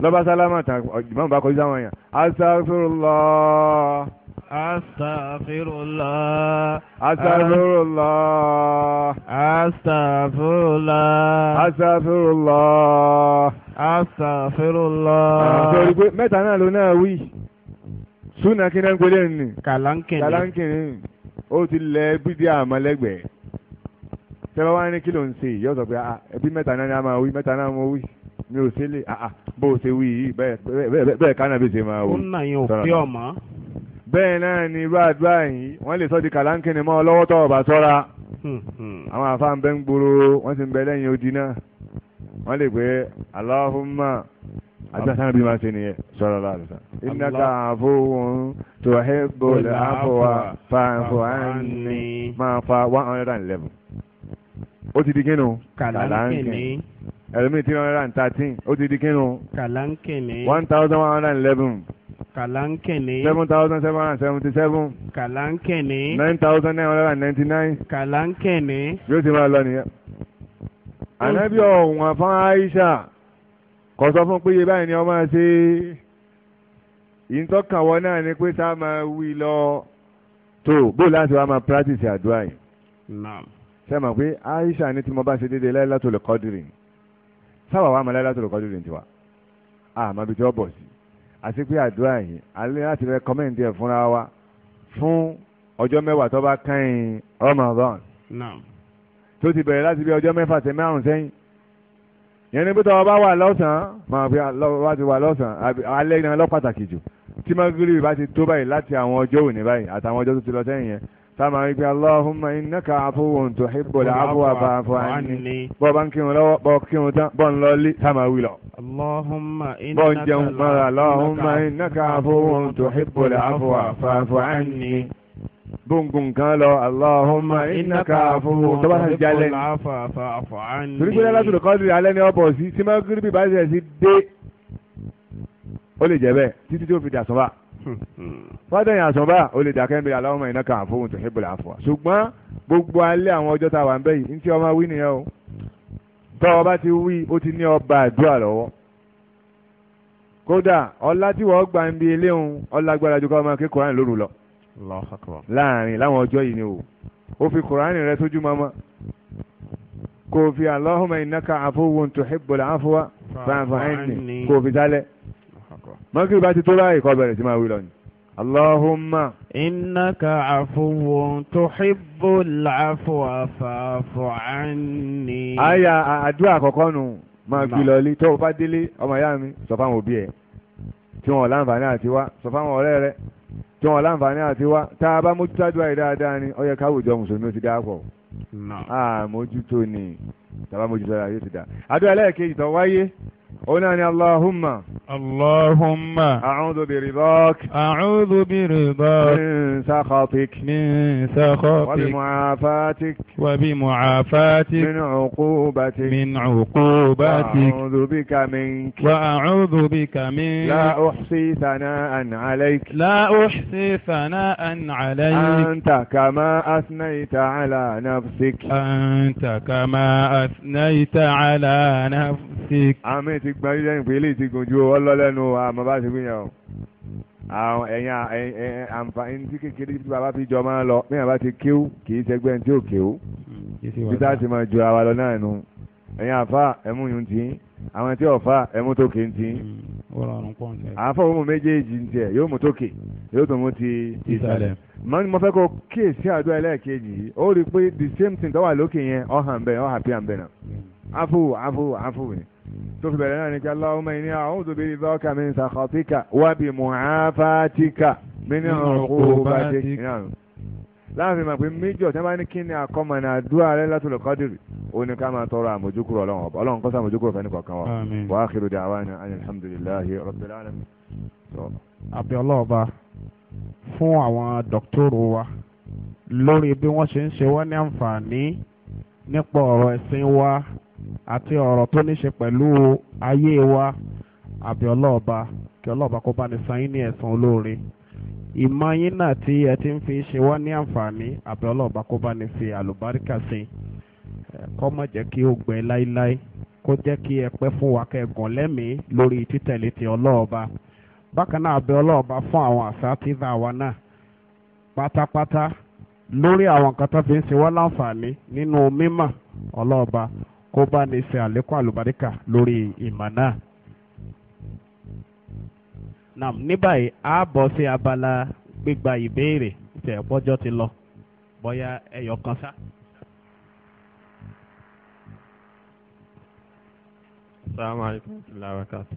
lọ́ba sálámà tán ìmọ̀ bá kọjú sáwọn yàn asàfùlọ́. Astaghfirullah. Astaghfirullah. Astaghfirullah. Astaghfirullah. Astaghfirullah. Ah, Sọ̀rọ̀ pé mẹ́ta náà ló náà wí. Súnà kí náà ń gbélé nì. Kàlánkìnì. Kàlánkìnì. Ó ti lẹ bídí àmọ́lẹ́gbẹ̀ẹ́. Tẹ́lá wá ní kí ló ń ṣe yìí, yóò sọ pé ah, ah, ẹbí mẹ́ta náà ni a máa wí, mẹ́ta náà mo wí. Mi ò ṣe lè bó ṣe wí yìí bẹ́ẹ̀ kánà ṣe máa wò. Ó nà yín ò pé ọ̀mọ́. bẹ́ẹ̀ náà ni irú àdúrà yìí wọ́n lè sọ di kàlánkìnì mọ́ ọlọ́wọ́ tó ọba sọ́ra hmm, hmm. àwọn àfa ń bẹ ń gbòòrò wọ́n sì ń bẹ lẹ́yìn odi náà wọ́n lè pé aláhùnmá àtàtàn bí máa ṣe nìyẹn sọ̀rọ̀ láàrúsà. ìnáka àfọwọ́n tó àfọwà fàǹfọ̀ àní máa fa one hundred and eleven. ó ti di kínú kàlánkìnì ẹ̀rọ mi ti one hundred and thirteen ó ti di kínú kàlánkìnì one thousand kàlánkẹ̀ní. seven thousand seven hundred and seventy seven. kàlánkẹ̀ní. nine thousand nine hundred and ninety nine. kàlánkẹ̀ní. bí ó ti máa lọ nìyẹn. ànábì ọ̀wọ́n fún Aisha kò sọ fún péye báyìí ni ọ máa ṣe ìtọ́kànwọ́ náà ni pé sá máa wí lọ tó bó láti wá máa practice àdúrà yìí. ṣé mọ̀ pé Aisha ni tí mo bá ṣe déédéé láìláto lè kọ́ dìrì sábà wà á máa láìláto lè kọ́ dìrì tiwa àmọ́ ibi tí ó bọ̀ sí i àti pé àdúrà yìí alẹ́ láti rẹ́kọ́mẹ́ǹdì ẹ̀ fúnra wa fún ọjọ́ mẹ́wàá tó bá kẹ́yìn Ramadan tó ti bẹ̀rẹ̀ láti bí ọjọ́ mẹ́fà tẹ̀ márùn sẹ́yìn yẹn ní pẹ́tọ́ ọba wà lọ́sàn-án máa fi wá ti wà lọ́sàn-án alẹ́ náà lọ́pàtàkì jù tí magrebi bá ti tó báyìí láti àwọn ọjọ́ òní báyìí àtàwọn ọjọ́ tó ti lọ sẹ́yìn yẹn sábà wípé aláhùnmá iná ká àfọwọ́n tó hìbò làbọ̀ àbàfọ̀ àní bọ́ bá ń kírun lọ́wọ́ bọ́ kírun tán bọ́ ń lọ lé sábà wí lọ. bọ́ ń jẹun mọ́ra aláhùnmá iná àfọwọ́n tó hìbò làbọ̀ àbàfọ̀ àní gbóngbóng kan lọ aláhùnmá iná ká àfọwọ́n tó bá sàn jalè ní. torí pé lálẹ́ tó kọ́ di alẹ́ ní ọ̀bọ̀ sí símá gírí bí bá ṣe sí dé ó lè jẹ́ bẹ́ẹ̀ títí tó fi dà sọ́ba fọ́dẹ̀ yàn àsọ̀bá o lè dàkẹ́ níbi aláwọ̀ mọ̀ iná kan àfọwọ́n tó hébùlà àfọ̀ ṣùgbọ́n gbogbo alẹ́ àwọn ọjọ́ tá a wà ń bẹ́ yìí ní tí ọmọ wí nìyẹn o tọ́ ọba ti wí ó ti ní ọba àdúrà lọ́wọ́ kódà ọlá tí wọ́n gbà ń bi ilé òun ọlágbára ju ká ọmọ akẹ́ koran lóru lọ láàrin láwọn ọjọ́ yìí ni o ó fi koran rẹ sójú mọ́mọ́ kò fi Allahumma innaka afuwun tuhibbul afwa fa'fu anni kò fi sálẹ̀ mọ́kìrì bá ti tó báyìí kọ́ bẹ̀rẹ̀ sí máa wí lọ ni. Allahumma. Innaka afuwun tuhibbul afwa fa'fu anni. Aya àdúrà àkọ́kọ́ nù máa fi lọ lé tó o bá délé ọmọ ìyá mi sọ fáwọn òbí ẹ̀ tí wọn láǹfààní àti wá sọ fáwọn ọ̀rẹ́ rẹ̀ tí wọn láǹfààní àti wá tá a bá mójútó àdúrà yìí dáadáa ni ó yẹ káwùjọ mùsùlùmí ó ti dáa pọ̀. àmójútó ni tàbá mójútó ara yóò ti dáa. àdúrà ẹlẹ́ẹ̀kejì tó wáyé هنا اللهم اللهم أعوذ برضاك أعوذ برضاك من سخطك من سخطك وبمعافاتك وبمعافاتك من عقوبتك من عقوبتك وأعوذ بك منك وأعوذ بك منك لا أحصي ثناء عليك لا أحصي ثناء عليك أنت كما أثنيت على نفسك أنت كما أثنيت على نفسك عمت ti gbọ́n yín lẹ́yìn pé eléyìí ti gùn ju ọlọ́lẹ́nu àmọ́ bá ti gbìyànjú àwọn ẹ̀yìn àǹfààní tí kékeré tí bàbá fi jọ máa ń lọ bí bàbá ti kéwú kì í ṣẹgbẹ́ tí ò kéwú bí tá a ti máa ju àwa lọ náà nù ẹ̀yìn àfa ẹ̀mú yìí ti àwọn tí ọ̀fà ẹ̀mú tó kéé ti àáfọ̀ òmù méjèèjì tiẹ̀ yóò mú tókè yóò tó mú ti ìsàlẹ̀ mo fẹ́ kó kíyèsí àdúrà ẹlẹ́ẹ̀kejì ó rí i pé the same thing tó wà lókè yẹn ọ̀hàn bẹ́ẹ̀ ọ̀hàpí àǹbẹ̀ náà àfù àfù àfù ni tó fi bẹ̀rẹ̀ náà ni kí Allahumma inni a'udhu bi ridhaka min sakhatika wa bi mu'afatika min 'uqubatika láàfin ma pé méjọ tí wọn bá ní kí ni àkọmọ̀nà àdúrà rẹ látòlù kọ́dìrì ó ní ká máa tọrọ àmójúkúrò ọlọ́run ọba ọlọ́run kọ́sà àmójúkúrò fẹ́ni kọ̀ọ̀kan wa wa akhiru da'wana alhamdulillahi àwọn dọ́kítọ́rù wa lórí àti ọ̀rọ̀ tó ní ṣe pẹ̀lú ayé wa àbí ọlọ́ọ̀ba kí ọlọ́ọ̀ba kó bá ní san yín ní ẹ̀san olóore ìmọ̀ yín náà tí ti ń fi ṣe wá ní àǹfààní àbí ọlọ́ọ̀ba kó bá ní fi àlùbáríkà sí kó má jẹ́ kí ó gbẹ láíláí kó jẹ́ kí ẹ pẹ́ fún wa kẹ́gàn lẹ́mìí lórí títẹ̀lé ti ọlọ́ọ̀ba bákan náà àbí ọlọ́ọ̀ba fún àwọn àṣà tí ń wa náà pátápátá lórí àwọn nǹkan tó fi ń ṣe wá láǹfààní kó bá ní ṣe àlékún àlùbáríkà lórí ìmọ̀ náà. nam ní báyìí a bọ̀ sí abala gbígba ìbéèrè tẹ̀ bọ́jọ́ ti lọ bóyá ẹyọ kan sá. salaamaleykum lawakatu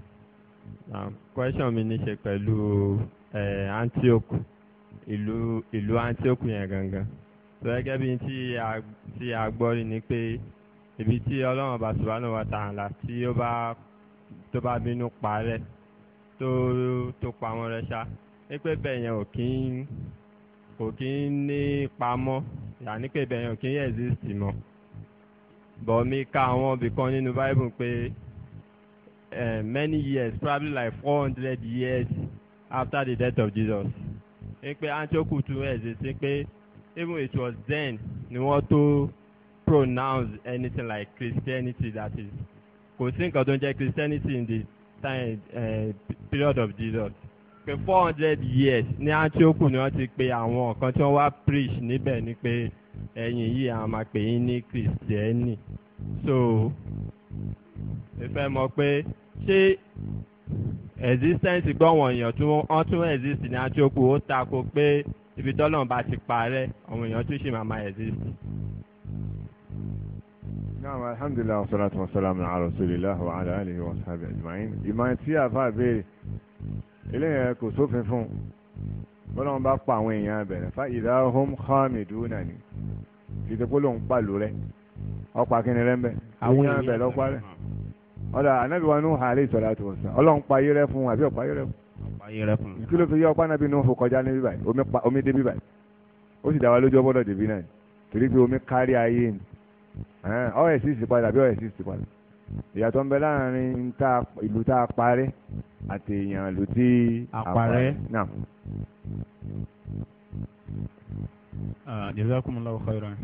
um, question mi ní ṣe pẹ̀lú eh, Antioch ìlú ìlú Antioch yẹn gangan so gẹ́gẹ́ bí tí a gbọ́ rí ni pé ibi tí ọlọ́run ọba subhanahu wa ta'ala tí ó bá tó bá bínú parẹ́ tó tó pa wọn rẹ́ ṣá wípé bẹ́ẹ̀ yẹn ò kí ń kò kí ń ní pamọ́ yàní pé bẹ́ẹ̀ yẹn ò kí ń exist mọ́ bọ̀mí ka àwọn ibìkan nínú bible pé uh, many years probably like four hundred years after the death of Jesus wípé antioch tún exist wípé even it was then ni wọ́n tó pronounce anything like Christianity that is kò sí nǹkan tó ń jẹ́ Christianity in the time uh, period of Jesus pé four hundred years ní Antioch ni wọ́n ti pe àwọn kan tí wọ́n wá preach níbẹ̀ ni pé ẹ̀yin yìí àwọn máa pè yín ní Christianity so ìfẹ́ mọ̀ pé ṣé existence gbọ́ wọ̀nyàn tí wọ́n tún exist ní Antioch ó tako pé ibi tọ́lọ́run bá ti parẹ́ àwọn èèyàn tún ṣì máa máa exist náà alhamdulilayi wa salatu wa salamu ala rasulillah wa ala alihi wa sahabi ajma'in ìmọ̀ tí a fà béèrè eléyìí kò sófin fún bọ́lá wọn bá pa àwọn èèyàn abẹ̀rẹ̀ fa idahum khamiduna ni títí pé ló ń pàlù rẹ ọ̀pá kìnìún rẹ ń bẹ àwọn èèyàn abẹ̀rẹ̀ ọ̀pá rẹ ọ̀dà ànábì wa Nuhu alayhi salatu wa salam ọlọ́run pa ayé rẹ fún àbí ọ̀pá ayé rẹ fún kí ló fi yọ ọ̀pá nábì Nuhu kọjá ní bíbáyìí omi dé bíbáyìí ó sì dá wa lójú ọbọ̀dọ̀ dèbí náà torí pé omi kárí ayé ni ọ ẹ̀sìsì padà bí ọ ẹ̀sìsì padà ìyàtọ̀ ń bẹ láàrin ìlú tá a parẹ́ àti èèyàn ìlú tí a parẹ́ náà. Ah, jazakumullahu khairan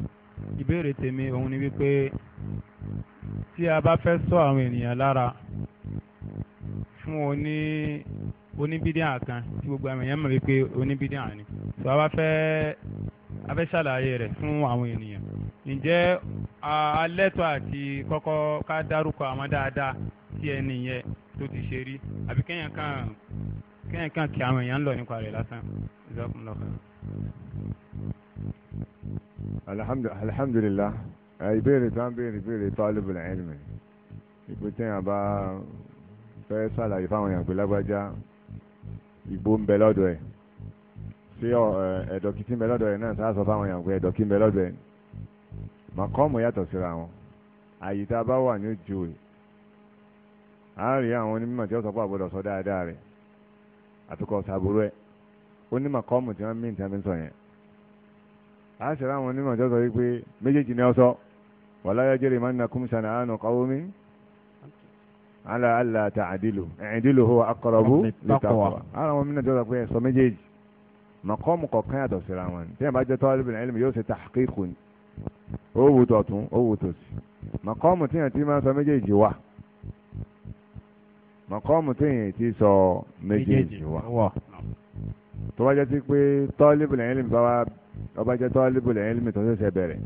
ìbéèrè tèmi òun ni wípé tí a bá fẹ́ sọ àwọn ènìyàn lára fún oní oníbídíà kan tí gbogbo àwọn èèyàn mọ̀ wípé oníbídíà ni tó a bá fẹ́ a fẹ́ ṣàlàyé rẹ̀ fún àwọn ènìyàn ǹjẹ́ alẹ́tọ̀ àti kọ́kọ́ ká dárúkọ àwọn dáadáa tí ẹni yẹn tó ti ṣe rí àbí kéèyàn kàn kéèyàn kí àti àwọn èèyàn ń lọ nípa rẹ̀ lásán ìzọkùn lọ. alhamdulilah ìbéèrè tó ń béèrè ìbéèrè talibul ilmi ìpè téèyàn bá fẹ́ ṣàlàyé fáwọn èèyàn pé lágbájá ìbò ń bẹ lọ́dọ̀ ẹ̀ ṣé ẹ̀dọ̀ kìí ti ń bẹ lọ́dọ̀ ẹ̀ náà sáà sọ fáwọn èèyàn pé ẹ̀dọ̀ kìí ń bẹ lọ́dọ̀ ẹ̀ màkọ́ọ̀mù yàtọ̀ síra wọn àyè tá a bá wà ní ojú rẹ̀ á àwọn onímọ̀ tí ó sọ pé àgbọ̀dọ̀ sọ dáadáa rẹ̀ àtúkọ̀ ṣàbúrú ẹ̀ ó ní màkọ́mù tí wọ́n mí ní tàbí a ṣe ráwọn onímọ̀ tó sọ wípé méjèèjì na ọ sọ wala yajrimannakum shana'anu qawmin ala alla ta'dilu i'dilu huwa aqrabu lit-taqwa ara wọn mìíràn sọ pé ẹ̀sọ́ méjèèjì màkọ́mù kọ̀ọ̀kan yàtọ̀ síra wọn tí yẹn bá jẹ́ yóò ṣe ó wù tọ̀tún ó wù màkọ́mù tí yẹn ti máa sọ méjèèjì wà mọ̀kọ́mù téèyàn ti sọ méjèèjì wa. tó bá jẹ́ sí pé tọ́lébù lẹ́yìn lèmi bá ọba jẹ́ tọ́lébù lẹ́yìn lèmi tó ṣẹ̀ṣẹ̀ bẹ̀rẹ̀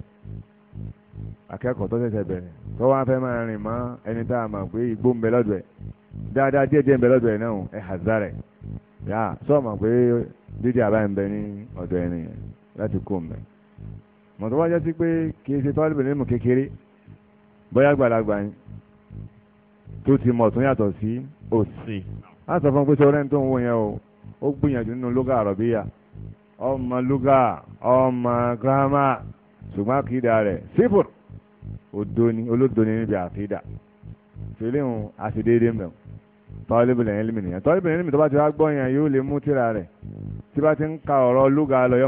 akẹ́kọ̀ọ́ tó ṣẹ̀ṣẹ̀ bẹ̀rẹ̀ tó wá fẹ́ máa rìn mọ́ ẹni tá a mọ̀ pé igbó ń bẹ lọ́dọ̀ ẹ̀ dáadáa díẹ̀ díẹ̀ ń bẹ lọ́dọ̀ ẹ̀ náà ẹ̀ hazarẹ̀ yá sọ́ọ̀mọ̀ pé dídí àbá ń bẹ ní ọ̀dọ̀ ẹ̀ láti kó mẹ́ mọ̀tò wá jẹ́ sí pé kì í ṣe tọ́lébù lẹ́yìn kékeré bóyá gbàlagbà ni tó ti mọ̀ tún yàtọ̀ sí òsì á sọ fún pé sọ rẹ́ni tó ń wo yẹn o ó gbìyànjú nínú lóga àrọ̀bíyà ọmọ lóga ọmọ gírámà ṣùgbọ́n àkìdá rẹ̀ sífùr òdoni olódoni níbi àkìdá fèlè ń àṣedéédé mẹ́wọ̀n tọ́lébìlì ẹ̀yìn lèmi nìyẹn tọ́lébìlì ẹ̀yìn lèmi tó bá ti wá gbọ́ yẹn yóò lè mú tírà rẹ̀ tí bá ti ń ka ọ̀rọ̀ lóga lọ yọ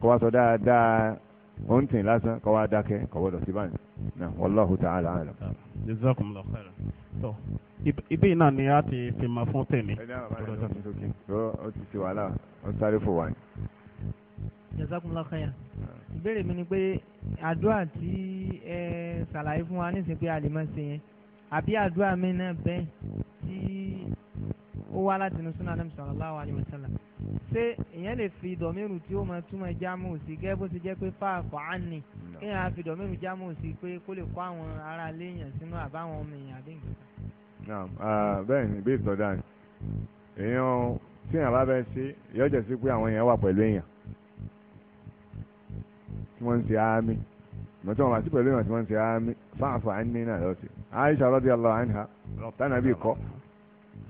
kọ́ wa sọ dáadáa òun tì lásán kọ́ wa dákẹ́ kọ́ wọ́dọ̀ sí báyìí náà wallahu ta'ala alam. jazakumullahu khairan tó ibi náà ni a ti fi máa fún tèmi. ẹ ti ti wàhálà ó sáré fò wáyé. jazakumullahu ìbéèrè mi ni pé àdúrà tí ẹ ṣàlàyé fún wa nísìnyí pé a lè máa ṣe yẹn àbí àdúrà mi náà bẹ́ẹ̀ tí ó wá láti inú súnà nàbì sallallahu alaihi wasallam ṣé èèyàn lè fi dọ̀míìrù tí ó máa túmọ̀ jámù sí gẹ́gẹ́ bó ti jẹ́ pé fáàfọ̀ á nì kéèyàn á fi dọ̀míìrù jámù sí pé kó lè kó àwọn ará léèyàn sínú àbáwọn ọmọ èèyàn àbí nǹkan. bẹ́ẹ̀ ni bí ìtọ́jà ni èèyàn tí èèyàn bá bẹ́ẹ̀ ṣe yọjọ́ sí pé àwọn èèyàn wà pẹ̀lú èèyàn tí wọ́n ń ṣe áámi mọ̀tí wọn bá sí pẹ̀lú èèyàn tí wọ́n ń ṣe áámi fáàfọ̀ á nì náà lọ́sẹ̀ Aisha radiyallahu anha tánàbí kọ́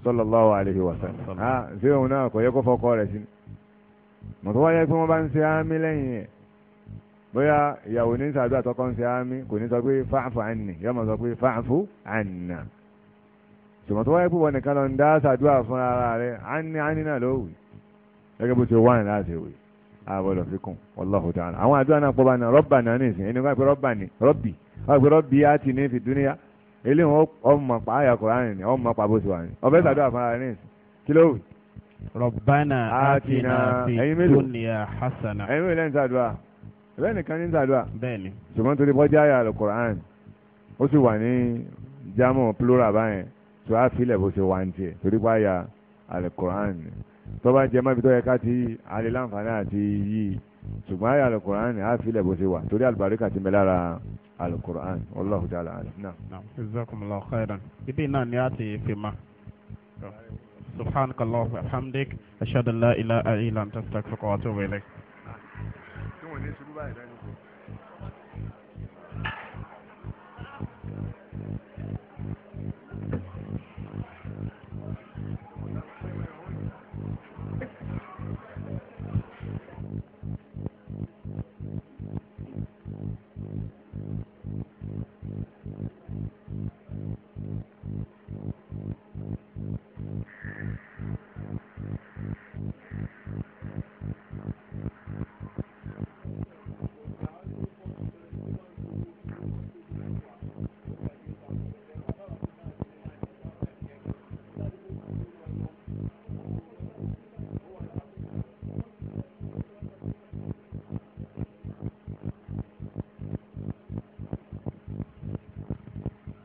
sallallahu alaihi wasallam ha ah, ṣé òun náà kò yẹ kó fọkọ rẹ̀ sí mọ̀tò wáyé pé wọ́n bá ń ṣe ámì lẹ́yìn ẹ̀ bóyá ìyàwó ní sàdúrà tọkọ ń ṣe ámì kò ní sọ pé fa'fu anni yóò mọ̀ sọ pé fa'fu anna ṣùgbọ́n tó wáyé pé wọ́n nìkan lọ ń dá sàdúrà fún ara rẹ̀ ánì ánì náà ló wì gẹ́gẹ́ bó ṣe wà ní láti wì àbọ̀lọ̀ fikùn wallahu ta'ala àwọn àdúrà náà pọ̀ bá náà rọ́bà náà nìsín ẹni wọ́n á pẹ́ rọ́bà ní rọ́bì wọ́n á pẹ́ rọ́bì á ti ní fi dúníyà ilé wọn ọmọ pa àyà kọ̀ọ̀rán ni ọmọ pa bó ṣe wà ní ọbẹ̀ sàdúrà fún ara ní ìsìn kí ló wù. rọ̀bánà àtìnà fìtúnìyà hasana. ẹ̀yin mélòó lẹ́yìn sàdúrà bẹ́ẹ̀ nìkan ní sàdúrà. bẹ́ẹ̀ni. ṣùgbọ́n torí bọ́jà àyà kọ̀ọ̀rán ó sì wà ní jámọ̀ plural báyẹn tó a filẹ̀ bó ṣe wà ní tiẹ̀ torí bá àyà alukoran tó bá jẹ́ mọ́bi tó yẹ ká ti alẹ́ láǹfààní àti yí ṣùgbọ́n àyà alukoran á filẹ̀ bó ṣe wà torí àlùbáríkà ti mẹ́ lára alukur'an wallahu ta'ala alam náà. jazakumullahu khairan ibi náà ni a ti fi ma. subhanakallahu wa hamdik ashhadu an la ilaha illa anta astaghfiruka wa atubu ilayk.